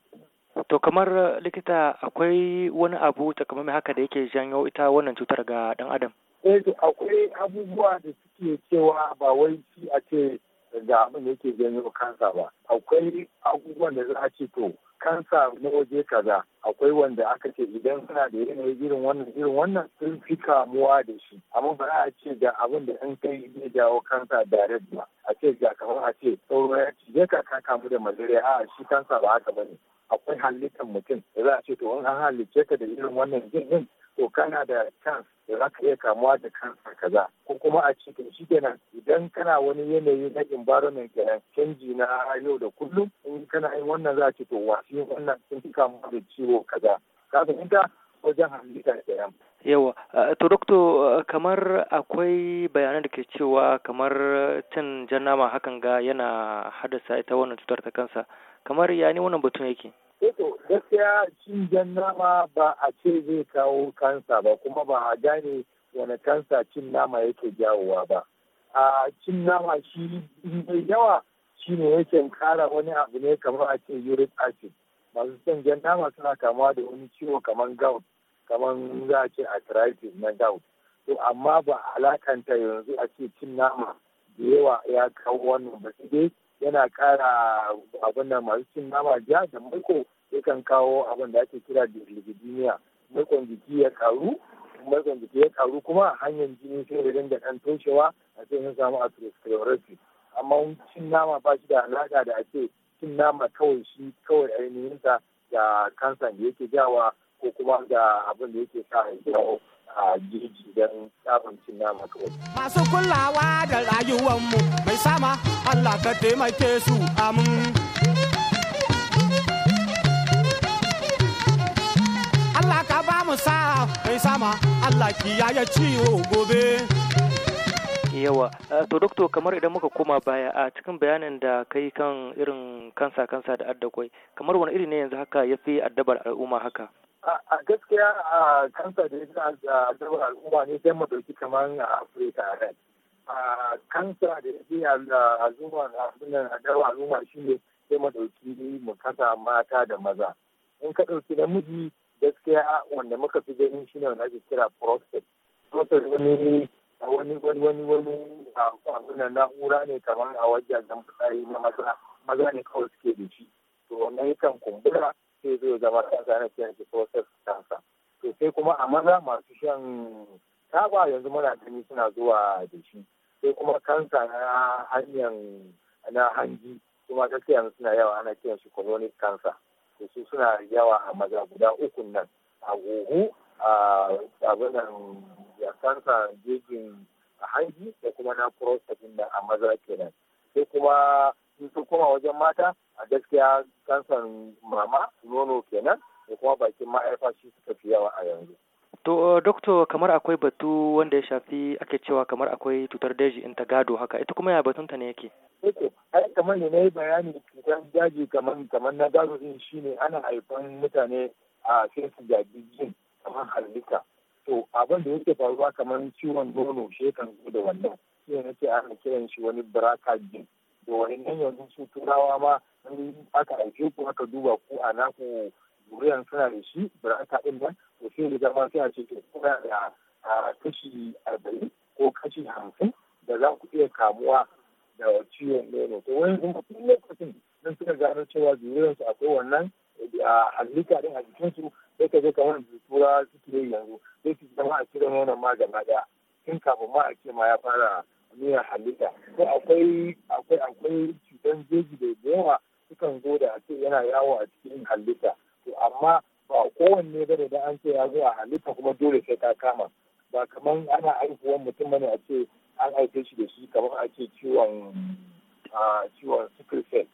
to kamar likita akwai wani abu mai haka da yake janyo ita wannan cutar ga dan adam eh akwai abubuwa da suke cewa ba wai shi a ce ga abin da yake janyo kansa ba akwai abubuwan da za a ce to kansa na waje kaza akwai wanda aka ce idan suna da yanayi irin wannan irin wannan sun fi kamuwa da shi amma ba a ce da abin da an kai zai jawo kansa direct ba a ce ga kamar a ce sauro ya cije ka ka kamu da malaria a shi kansa ba haka bane akwai halittar mutum da za a ce to in an halicce ka da irin wannan jin to kana da chance da za ka iya kamuwa da kansa kaza ko kuma a cikin shi kenan idan kana wani yanayi na environment kenan canji na yau da kullum in kana yin wannan za a ce to wasu wannan sun fi kamuwa da ciwo kaza ka fahimta wajen halitta kenan yawa eh, to Dokto, eh, kamar akwai bayanan da ke cewa kamar cin jan nama hakan ga yana haddasa ita wannan cutar ta kansa kamar ya ne wannan batun yake Eto eh gaskiya cin jan nama ba a ce zai kawo kansa ba kuma ba a gane wani kansa cin nama yake jawowa ba. A cin nama shi mai yawa shi ne yake kara wani abu ne kamar a ce uric acid. Masu cin jan nama suna kamuwa da wani ciwo kamar gout, kamar za a ce arthritis na gout. To amma ba alakanta yanzu a ce cin nama da yawa ya kawo wannan ba sai dai yana ƙara abin da masu cin nama ja da maiko yakan kawo abin da ake kira da lipidemia maikon jiki ya karu maikon jiki ya karu kuma hanyar jini sai da dinga ɗan toshewa a sai sun samu atherosclerosis amma cin nama ba shi da alaƙa da ake cin nama kawai shi kawai ainihinsa da kansa da yake jawa ko kuma da abin da yake sa ya kira a jeji don abincin nama kawai. Masu kulawa da rayuwanmu mai sama Allah ka taimake su amin. Allah ka ba mu sa mai sama Allah kiyaye ciwo gobe. yawa to doktor kamar idan muka koma baya a cikin bayanin da kai kan irin kansa kansa da addakwai kamar wani iri ne yanzu haka ya fi addabar al'umma haka a gaskiya a kansa da ya a dabar al'umma ne sai mu kamar a afirka red a kansa da ya a zuwa a dabar al'umma shi ne sai mu ne mu kasa mata da maza in ka ɗauki namiji gaskiya wanda muka fi ganin shi ne wanda ake kira prostate prostate wani wani wani wani wani abin na'ura ne kamar a wajen da na maza maza ne kawai suke da shi to wannan yakan kumbura sai zai zama kansa ana kiran shi kansa to sai kuma a maza masu shan taba yanzu muna gani suna zuwa da shi sai kuma kansa na hanyar na hanji kuma gaskiya yanzu suna yawa ana kiran shi colonic cancer to su suna yawa a maza guda uku nan a huhu a abinan ya kansa jejin a hanji da kuma na prostate da a maza kenan sai kuma in sun koma wajen mata a gaskiya kansan mama nono kenan da kuma bakin ma'aifa shi suka fi yawa a yanzu. To, doktor kamar akwai batu wanda ya shafi ake cewa kamar akwai cutar daji in ta gado haka, ita kuma ya batunta ne yake? Eke, ai kamar ne na yi bayani cutar daji kamar kamar na gado din shi ne ana haifan mutane a sai su jaji jin kamar halitta. To, abin da yake faruwa kamar ciwon nono shi kan zo da wannan. Shi ne nake ana kiran shi wani braka jin. da wa'annan yanzu su turawa ma in aka aike ku aka duba ko a naku zuriyan suna da shi aka ɗin ba to sai da zama sai a ce ke kuna da kashi arba'in ko kashi hamsin da za ku iya kamuwa da ciwon nono to wani kuma tun lokacin nan suka gano cewa zuriyar su akwai wannan halitta din a jikin su sai ka je kamar da tura suke yanzu sai su zama a cire nonon ma gaba ɗaya kin kafin ma a ce ma ya fara nuna halitta ko akwai akwai akwai cutar jeji da yawa sukan zo da ce yana yawo a cikin halitta to amma ba kowanne ba da an ce ya zo a halitta kuma dole sai ka kama ba kamar ana haihuwan mutum bane a ce an aike shi da shi kamar a ce ciwon ciwon sickle cell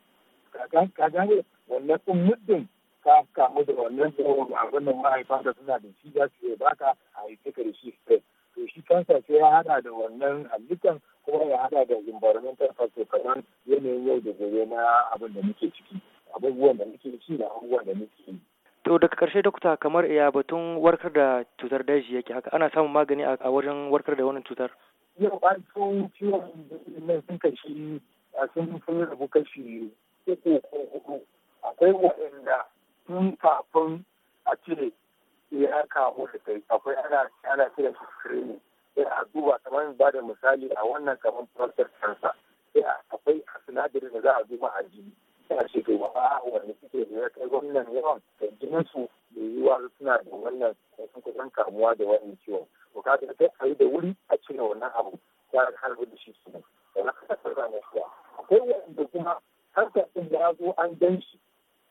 ka gane wannan sun muddin ka kamu da wannan ciwon abin nan mahaifa da suna da shi za su baka a yi da shi stress to shi kansa sai ya hada da wannan halittar kuma ya hada da environmental factor kamar yanayin yau da gobe na abin da muke ciki abubuwan da muke ci da abubuwan da muke yi to daga karshe dokta kamar iya batun warkar da cutar daji yake haka ana samun magani a wajen warkar da wannan cutar yau an su ciwon nan sun kashi sun sun rabu kashi uku ko hudu akwai waɗanda tun kafin a cire sai an kamu da kai akwai ana ana kira su screen sai a duba kamar ba da misali a wannan kamar prostate cancer sai akwai sinadarin da za a duba a jini sai a ce to ba ah, wanda suke da ya kai wannan yawan da jinin su da wa suna da wannan sun kusan kamuwa da wannan ciwon to ka ga sai a yi da wuri a cire wannan abu ya harbi da shi su ne da akwai wanda kuma harkar sun ya zo an gan shi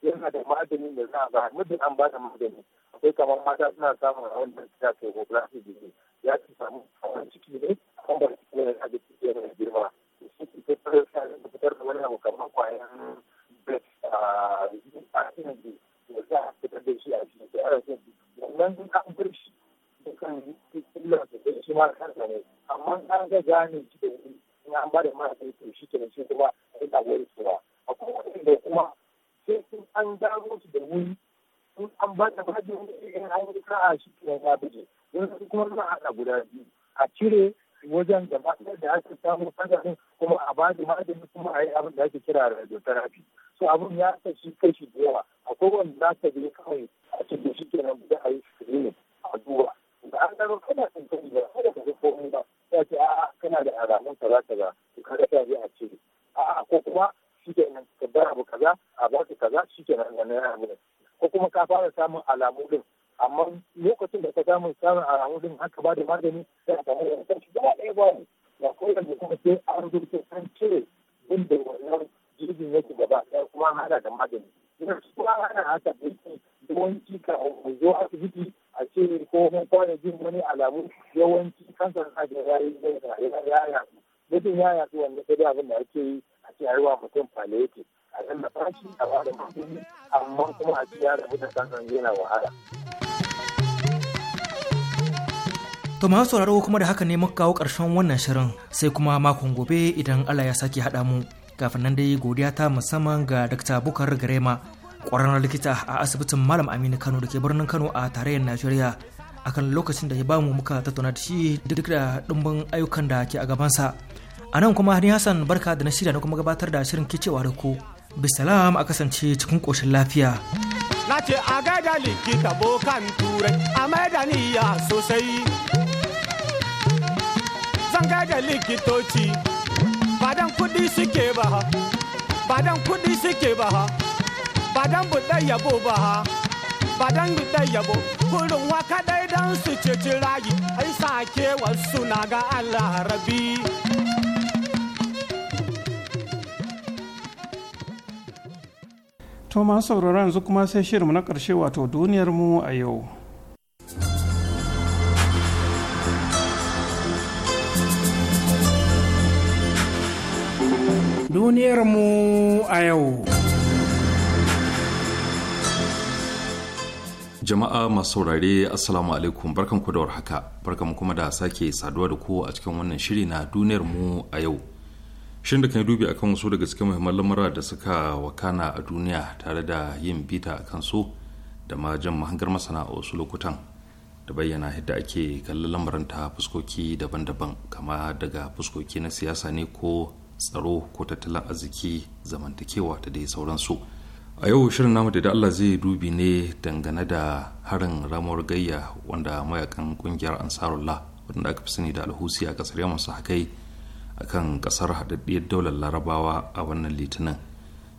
yana da madani da za a ba muddin an ba da magani sai kamar mata suna samun wanda suka ke goblafi jiki ya ci samu wani ciki ne kan ba su ne a jiki ne mai girma su ke da fitar da wani abu kamar kwayan bet a jikin a cikin jiki da za a fitar da shi a cikin sai ana cin wannan duk an bar shi da kan da shi ma kansa ne amma an ga gane shi da wuri in an ba da shi shi kuma sai ta akwai kuma sai sun an gano su da wuri sun an ba da majiyar an yi sa'a shi kuwa ya bude in kuma za a haɗa guda biyu a cire wajen gaba da ake samu sanadin kuma a ba da magani kuma a yi abin da ake kira radiotherapy so abin ya kashi kashi da yawa akwai wanda za ka je kawai a cikin shi ke nan da a yi screening a duwa da an gano kana son kai ba kada ka ga komai ba ya ce a'a kana da alamun za ka kaza to kada ka je a cire a'a ko kuma shi ke nan ka bar abu kaza a ba ka kaza shi ke kenan wannan abu ne ko kuma ka fara samun alamun din amma lokacin da ka samu samun a ramu din haka ba da magani sai a samu da ta shi gaba ɗaya ba ya koyar da kuma sai an zurfe an cire inda wannan jirgin yake gaba ɗaya kuma an hada da magani yana kuma ana haka da yawanci ka zo asibiti a ce ko mun kwana jin wani alamu yawanci kansar hajji ya yi ya yaɗu mutum ya yaɗu wanda sai da abin da ake yi a ce a yi wa mutum fale yake a ɗan da fashi a ba da mutum amma kuma a ciya da da kansan yana wahala. To masu sauraro kuma da haka ne muka kawo ƙarshen wannan shirin sai kuma makon gobe idan Allah ya sake haɗa mu kafin nan dai godiya ta musamman ga Dr. Bukar Garema ƙwararren likita a asibitin Malam Aminu Kano da ke birnin Kano a tarayyar Najeriya akan lokacin da ya bamu muka tattauna da shi duk da ɗumbin ayyukan da ke a gabansa. A nan kuma ni Hassan barka da na shirya na kuma gabatar da shirin kicewa da ku bisalam a kasance cikin ƙoshin lafiya. Na ce a gaida likita bokan turai a maidani niyya sosai. Zan gaida likitoci badan kudi suke ba ha, badan kudi suke ba ha, badan buɗe yabo ba ha, badan buɗe yabo. Kurin waka dai don su ceci rayu, ai sa wasu na ga Allah rabi. To ma sauraro yanzu kuma sai shirinmu na ƙarshe wato duniyarmu a yau. Duniyarmu a yau. Jama'a masu saurare Assalamu alaikum barkanku da warhaka barkanku kuma da sake saduwa da ku a cikin wannan shiri na duniyar mu a yau. shin da kan yi dubi akan wasu daga cikin muhimman lamura da suka wakana a duniya tare da yin bita a su da ma jan mahangar masana a wasu lokutan da bayyana yadda ake kallon lamarin ta fuskoki daban-daban kama daga fuskoki na siyasa ne ko tsaro ko tattalin arziki zamantakewa da dai sauransu a yau shirin namu da Allah zai dubi ne dangane da harin ramuwar gayya wanda mayakan kungiyar ansarullah wanda aka fi sani da alhusi a kasar yamma su hakai akan kasar haɗaɗɗiyar daular larabawa a wannan litinin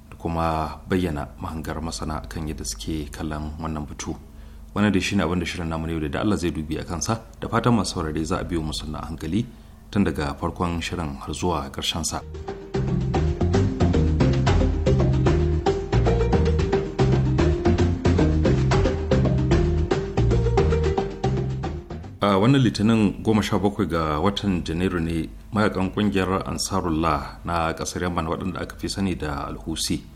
da kuma bayyana mahangar masana kan yadda suke kallon wannan batu wannan da shine abin da shirin namu yau da Allah zai dubi a kansa da fatan masu saurari za a biyo musu hankali tun daga farkon shirin har zuwa ƙarshen sa. wannan litinin 17 ga watan janairu ne mayakan kungiyar ansarullah na kasar yaman waɗanda aka fi sani da alhusi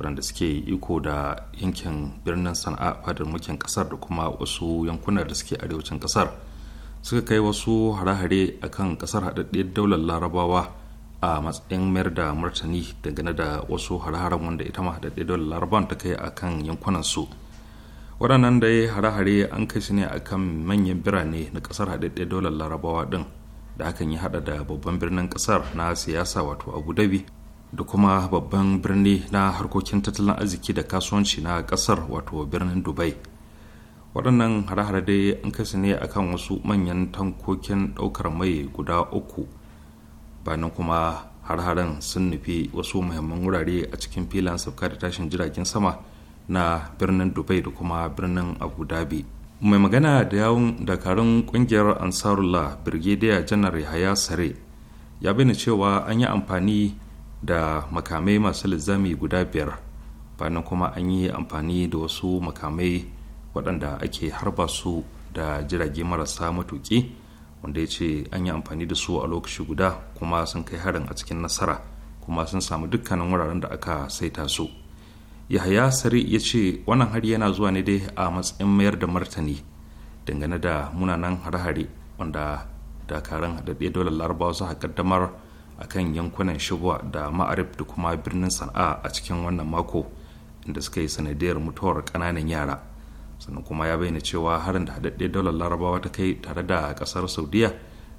waɗanda suke iko da yankin birnin sana'a fadar mukin kasar da kuma wasu yankunan da suke arewacin kasar suka kai wasu hare-hare a kan kasar haɗaɗɗiyar daular larabawa a matsayin mayar da martani dangane da wasu hare-haren wanda ita ma haɗaɗɗiyar daular larabawan ta kai a kan yankunansu su waɗannan da ya hare-hare an kai shi ne a kan manyan birane na ƙasar haɗaɗɗe dolar larabawa ɗin da hakan ya haɗa da babban birnin ƙasar na siyasa wato abu dhabi da kuma babban birni na harkokin tattalin arziki da kasuwanci na ƙasar wato birnin dubai waɗannan hare-hare dai an kai ne ne akan wasu manyan tankokin ɗaukar mai guda uku bayan kuma har-haren sun nufi wasu muhimman wurare a cikin filan sauka da tashin jiragen sama na birnin dubai da kuma birnin abu dhabi mai magana da yawon dakarun kungiyar ansarullah birgidiya janar yahaya sare ya bayyana cewa an yi amfani da makamai masu lizami guda biyar bayan kuma an yi amfani da wasu makamai waɗanda ake harba su da jirage marasa matuƙi wanda ya ce an yi amfani da su a lokaci guda kuma sun kai harin a cikin nasara kuma sun samu dukkanin wuraren da aka saita su yahaya sari ya ce wannan hari yana zuwa ne dai a matsayin mayar da martani dangane da munanan hare-hare wanda dakarun haɗaɗɗe dole larabawa su kaddamar a kan yankunan shibuwa da ma'arif da kuma birnin sana'a a cikin wannan mako inda suka yi sanadiyar mutuwar ƙananan yara sannan kuma ya bayyana cewa harin da haɗaɗɗe dole larabawa ta kai tare da ƙasar saudiya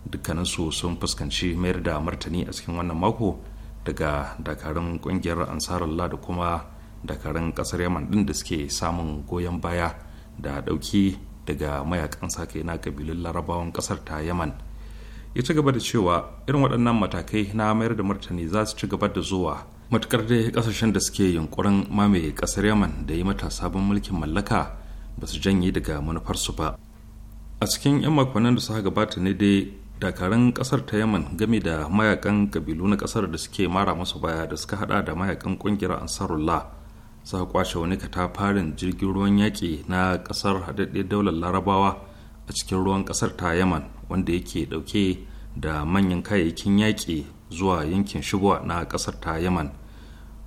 dukkaninsu sun fuskanci mayar da martani a cikin wannan mako daga dakarun ƙungiyar ansarallah da kuma dakarun kasar yaman din da suke samun goyon baya da dauki daga mayakan sake na kabilun larabawan kasar ta yaman ya ci gaba da cewa irin waɗannan matakai na mayar da martani za su ci gaba da zuwa matukar dai kasashen da suke yunkurin mamaye kasar yaman da yi mata sabon mulkin mallaka ba su janye daga manufarsu ba a cikin 'yan makonnin da suka gabata ne dai dakarun kasar ta yaman game da mayakan kabilu na kasar da suke mara masu baya da suka hada da mayakan kungiyar ansarullah a kwace wani katafarin jirgin ruwan yaƙi na ƙasar haɗaɗɗe daular larabawa a cikin ruwan ƙasar ta yaman wanda yake ɗauke da manyan kayayyakin yaƙi zuwa yankin shibuwa na ƙasar ta yaman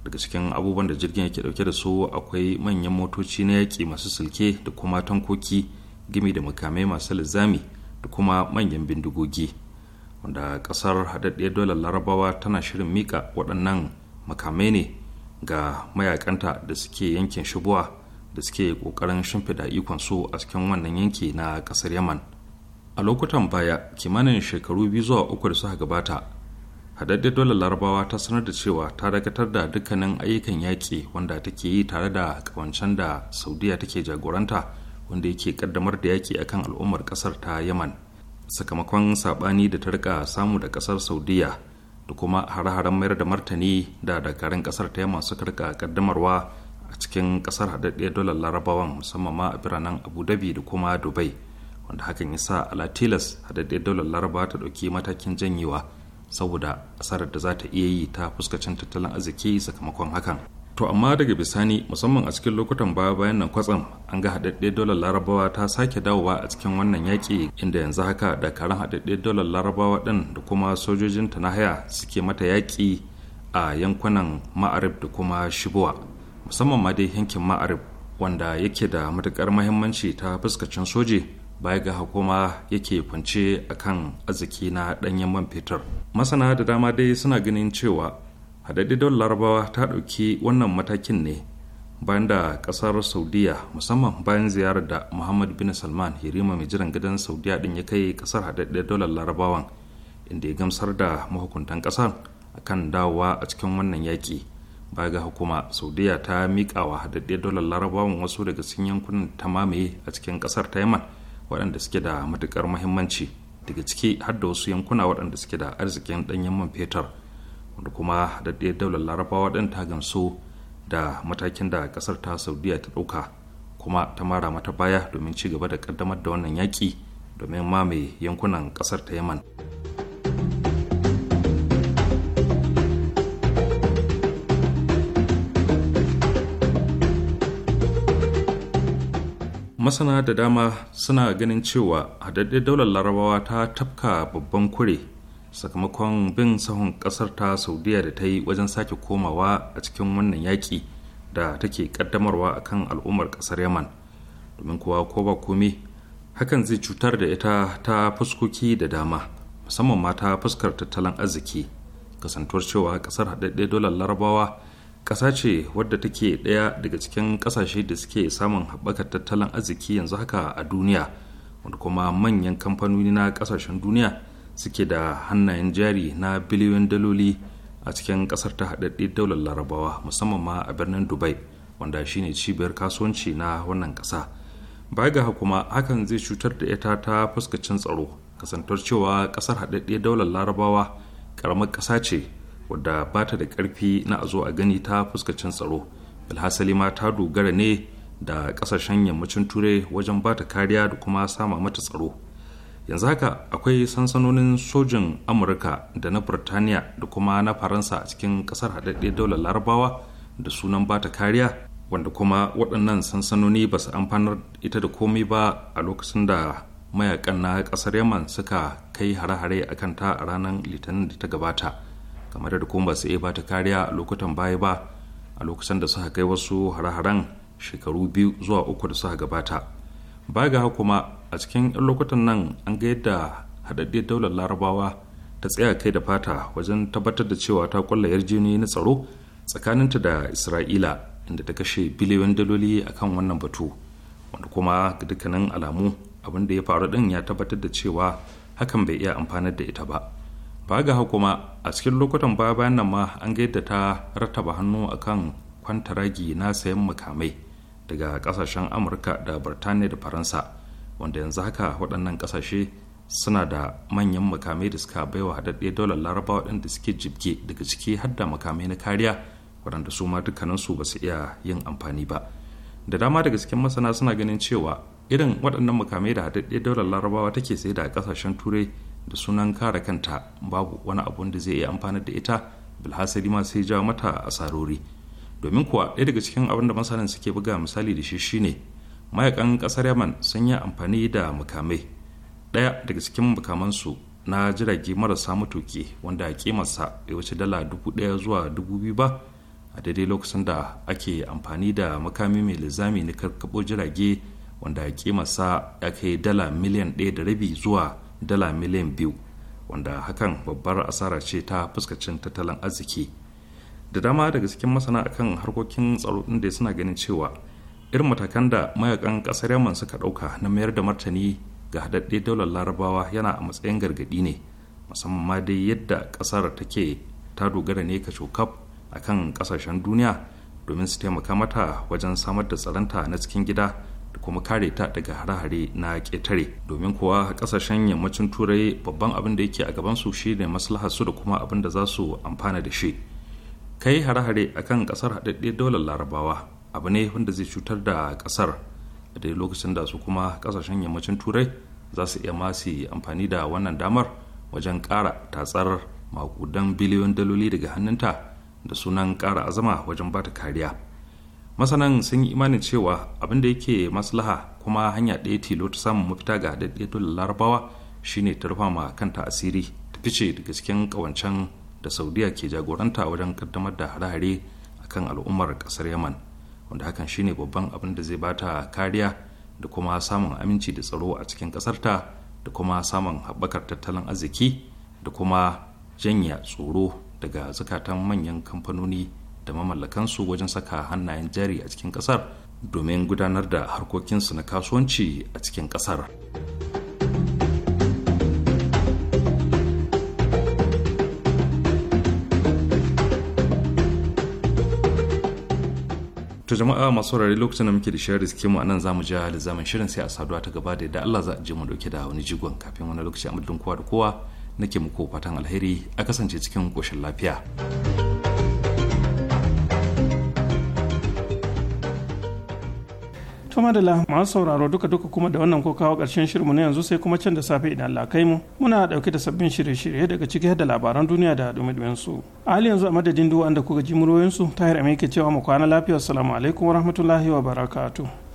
daga cikin abubuwan da jirgin yake ɗauke da su akwai manyan motoci na yaƙi masu silke da kuma tankoki gimi da makamai masu lizami da kuma manyan bindigogi wanda ƙasar haɗaɗɗe daular larabawa tana shirin mika waɗannan makamai ne ga mayakanta da suke yankin shibuwa da suke ƙoƙarin shimfida ikonsu a cikin wannan yanki na ƙasar yaman a lokutan baya kimanin shekaru biyu zuwa uku da suka gabata hadaddiyar dole larabawa ta sanar da cewa ta dakatar da dukkanin ayyukan yaƙi wanda take yi tare da kawancen da saudiya take jagoranta wanda yake ƙaddamar da yaƙi akan al'ummar ƙasar ta yaman sakamakon saɓani da ta rika samu da ƙasar saudiya da kuma hare-haren mayar da martani da dakarun kasar ta yamma suka karka kaddamarwa a cikin kasar haɗaɗɗiyar dolar larabawan musamman ma a biranen abu dhabi da kuma dubai wanda hakan ya sa alatilas haɗaɗɗiyar dolar larabawa ta ɗauki matakin janyewa saboda asarar da za ta iya yi ta fuskacin tattalin arziki sakamakon hakan to amma daga bisani musamman a cikin lokutan baya bayan nan kwatsam an ga haɗaɗɗe dolar larabawa ta sake dawowa a cikin wannan yaƙi inda yanzu haka dakarun haɗaɗɗe dolar larabawa ɗin da kuma sojojin ta na haya suke mata yaƙi a yankunan ma'arib da kuma shibuwa musamman ma dai yankin ma'arib wanda yake da matuƙar mahimmanci ta fuskacin soji baya ga hukuma yake kwance akan arziki na ɗanyen man fetur masana da dama dai suna ganin cewa hadaddidon larabawa ta ɗauki wannan matakin ne bayan da ƙasar saudiya musamman bayan ziyarar da muhammad bin salman hirima mai jiran gidan saudiya din ya kai ƙasar hadaddiyar dolar larabawan inda ya gamsar da mahukuntan ƙasar akan dawowa a cikin wannan yaƙi baya ga hukuma saudiya ta miƙa wa hadaddiyar dolar larabawan wasu daga cikin yankunan ta mamaye a cikin ƙasar ta yaman waɗanda suke da matuƙar muhimmanci daga ciki har da wasu yankuna waɗanda suke da arzikin ɗanyen man fetur wanda kuma daɗaɗɗiyar daular larabawa ɗin ta gamsu da matakin da ƙasar ta saudiya ta ɗauka kuma ta mara mata baya domin ci gaba da ƙaddamar da wannan yaƙi domin mamaye yankunan ƙasar ta yaman masana da dama suna ganin cewa haɗaɗɗen daular larabawa ta tafka babban kure sakamakon bin sahun kasar ta saudiya da ta yi wajen sake komawa a cikin wannan yaƙi da take kaddamarwa a kan al'ummar kasar yaman domin kowa ko ba komai hakan zai cutar da ita ta fuskoki da dama musamman ma ta fuskar tattalin arziki kasantuwar cewa kasar haɗaɗɗe dolar larabawa ƙasa ce wadda take ɗaya daga cikin ƙasashe da suke samun haɓakar tattalin arziki yanzu haka a duniya wanda kuma manyan kamfanoni na ƙasashen duniya suke da hannayen jari na biliyoyin daloli a cikin kasar ta haɗaɗɗe daular larabawa musamman ma a birnin dubai wanda shine cibiyar kasuwanci na wannan ƙasa baya ga kuma hakan zai cutar da ita ta fuskacin tsaro kasantar cewa ƙasar haɗaɗɗe daular larabawa ƙaramar ƙasa ce wadda ba ta da ƙarfi na a zo a gani ta fuskacin tsaro bilhassali ma ta dogara ne da ƙasashen yammacin turai wajen ba ta kariya da kuma sama mata tsaro yanzu haka akwai sansanonin sojin amurka da na burtaniya da kuma na faransa a cikin kasar haɗaɗɗe daular larabawa da sunan bata kariya wanda kuma waɗannan sansanoni ba su amfanar ita da komai ba a lokacin da mayakan na ƙasar yaman suka kai hare-hare a kan ta a ranar litinin da ta gabata kamar da kuma ba su iya bata kariya a lokutan baya ba a lokacin da suka kai wasu hare-haren shekaru biyu zuwa uku da suka gabata baga kuma a cikin 'yan lokutan nan an ga yadda haɗaɗɗiyar daular larabawa ta tsaya kai da fata wajen tabbatar da cewa ta kwalla yarjejeniyoyi na tsaro tsakaninta da isra'ila inda ta kashe biliyoyin daloli akan wannan batu wanda kuma ga dukkanin alamu abin da ya faru din ya tabbatar da cewa hakan bai iya amfanar da ita ba ba ga kuma a cikin lokutan baya bayan nan ma an ga yadda ta rattaba hannu akan kwantaragi na sayan makamai daga kasashen amurka da birtaniya da faransa wanda yanzu haka waɗannan ƙasashe suna da manyan makamai da suka bai wa haɗaɗɗe dolar laraba waɗanda suke jibge daga ciki har da makamai na kariya waɗanda su ma dukkaninsu ba su iya yin amfani ba da dama daga cikin masana suna ganin cewa irin waɗannan makamai da haɗaɗɗe daular larabawa take sai da ƙasashen turai da sunan kare kanta babu wani abun da zai iya amfanar da ita bilhassari ma sai ja mata asarori domin kuwa ɗaya daga cikin abin da masanan suke buga misali da shi shine mayakan kasar yaman sun yi amfani da mukamai ɗaya daga cikin mukamansu na jirage marasa matuki wanda kimarsa ya wuce dala dubu ɗaya zuwa dubu biyu ba a daidai lokacin da ake amfani da makami mai lizami na karkabo jirage wanda kimarsa ya kai dala miliyan ɗaya da rabi zuwa dala miliyan biyu wanda hakan babbar asara ce ta fuskacin tattalin arziki da dama daga cikin masana akan harkokin tsaro inda suna ganin cewa irin matakan da mayakan kasar yaman suka dauka na mayar da martani ga haɗaɗɗe daular larabawa yana a matsayin gargaɗi ne musamman ma dai yadda ƙasar take ta dogara ne ka cokaf a kan ƙasashen duniya domin su taimaka mata wajen samar da tsaronta na cikin gida da kuma kare ta daga hare-hare na ketare domin kuwa kasashen yammacin turai babban abin da yake a gabansu shi ne maslahar da kuma abin da za su amfana da shi kai hare-hare akan kasar haɗaɗɗe daular larabawa abu ne wanda zai cutar da kasar a dai lokacin da su kuma kasashen yammacin turai za su iya masu amfani da wannan damar wajen ƙara tatsar makudan biliyon daloli daga hannunta da sunan ƙara azama wajen ba ta kariya masanan sun yi imanin cewa abin da yake maslaha kuma hanya ɗaya tilo ta samun mafita ga daidaitun larabawa shine ta rufa ma kanta asiri ta fice daga cikin ƙawancen da saudiya ke jagoranta wajen ƙaddamar da hare-hare akan al'ummar ƙasar yaman wanda hakan shine babban abin da zai bata kariya da kuma samun aminci da tsaro a cikin kasarta da kuma samun haɓakar tattalin arziki da kuma janya tsoro daga zukatan manyan kamfanoni da mamallakansu wajen saka hannayen jari a cikin kasar domin gudanar da harkokinsu na kasuwanci a cikin kasar. to jama'a masu saurari lokacin da muke da shirin riske mu anan zamu ji hali zaman shirin sai a saduwa ta gaba da yadda Allah za a je mu dauke da wani jigon kafin wani lokaci a kowa da kowa nake muku fatan alheri a kasance cikin koshin lafiya. To madalla masu sauraro duka duka kuma da wannan ko kawo ƙarshen shirmu na yanzu sai kuma can da safe idan Allah kai mu muna ɗauke da sabbin shirye-shirye daga ciki da labaran duniya da dumi su. A hali yanzu a madadin duk wanda kuka ji muryoyin su tahir ke cewa mu kwana lafiya assalamu alaikum wa barakatu.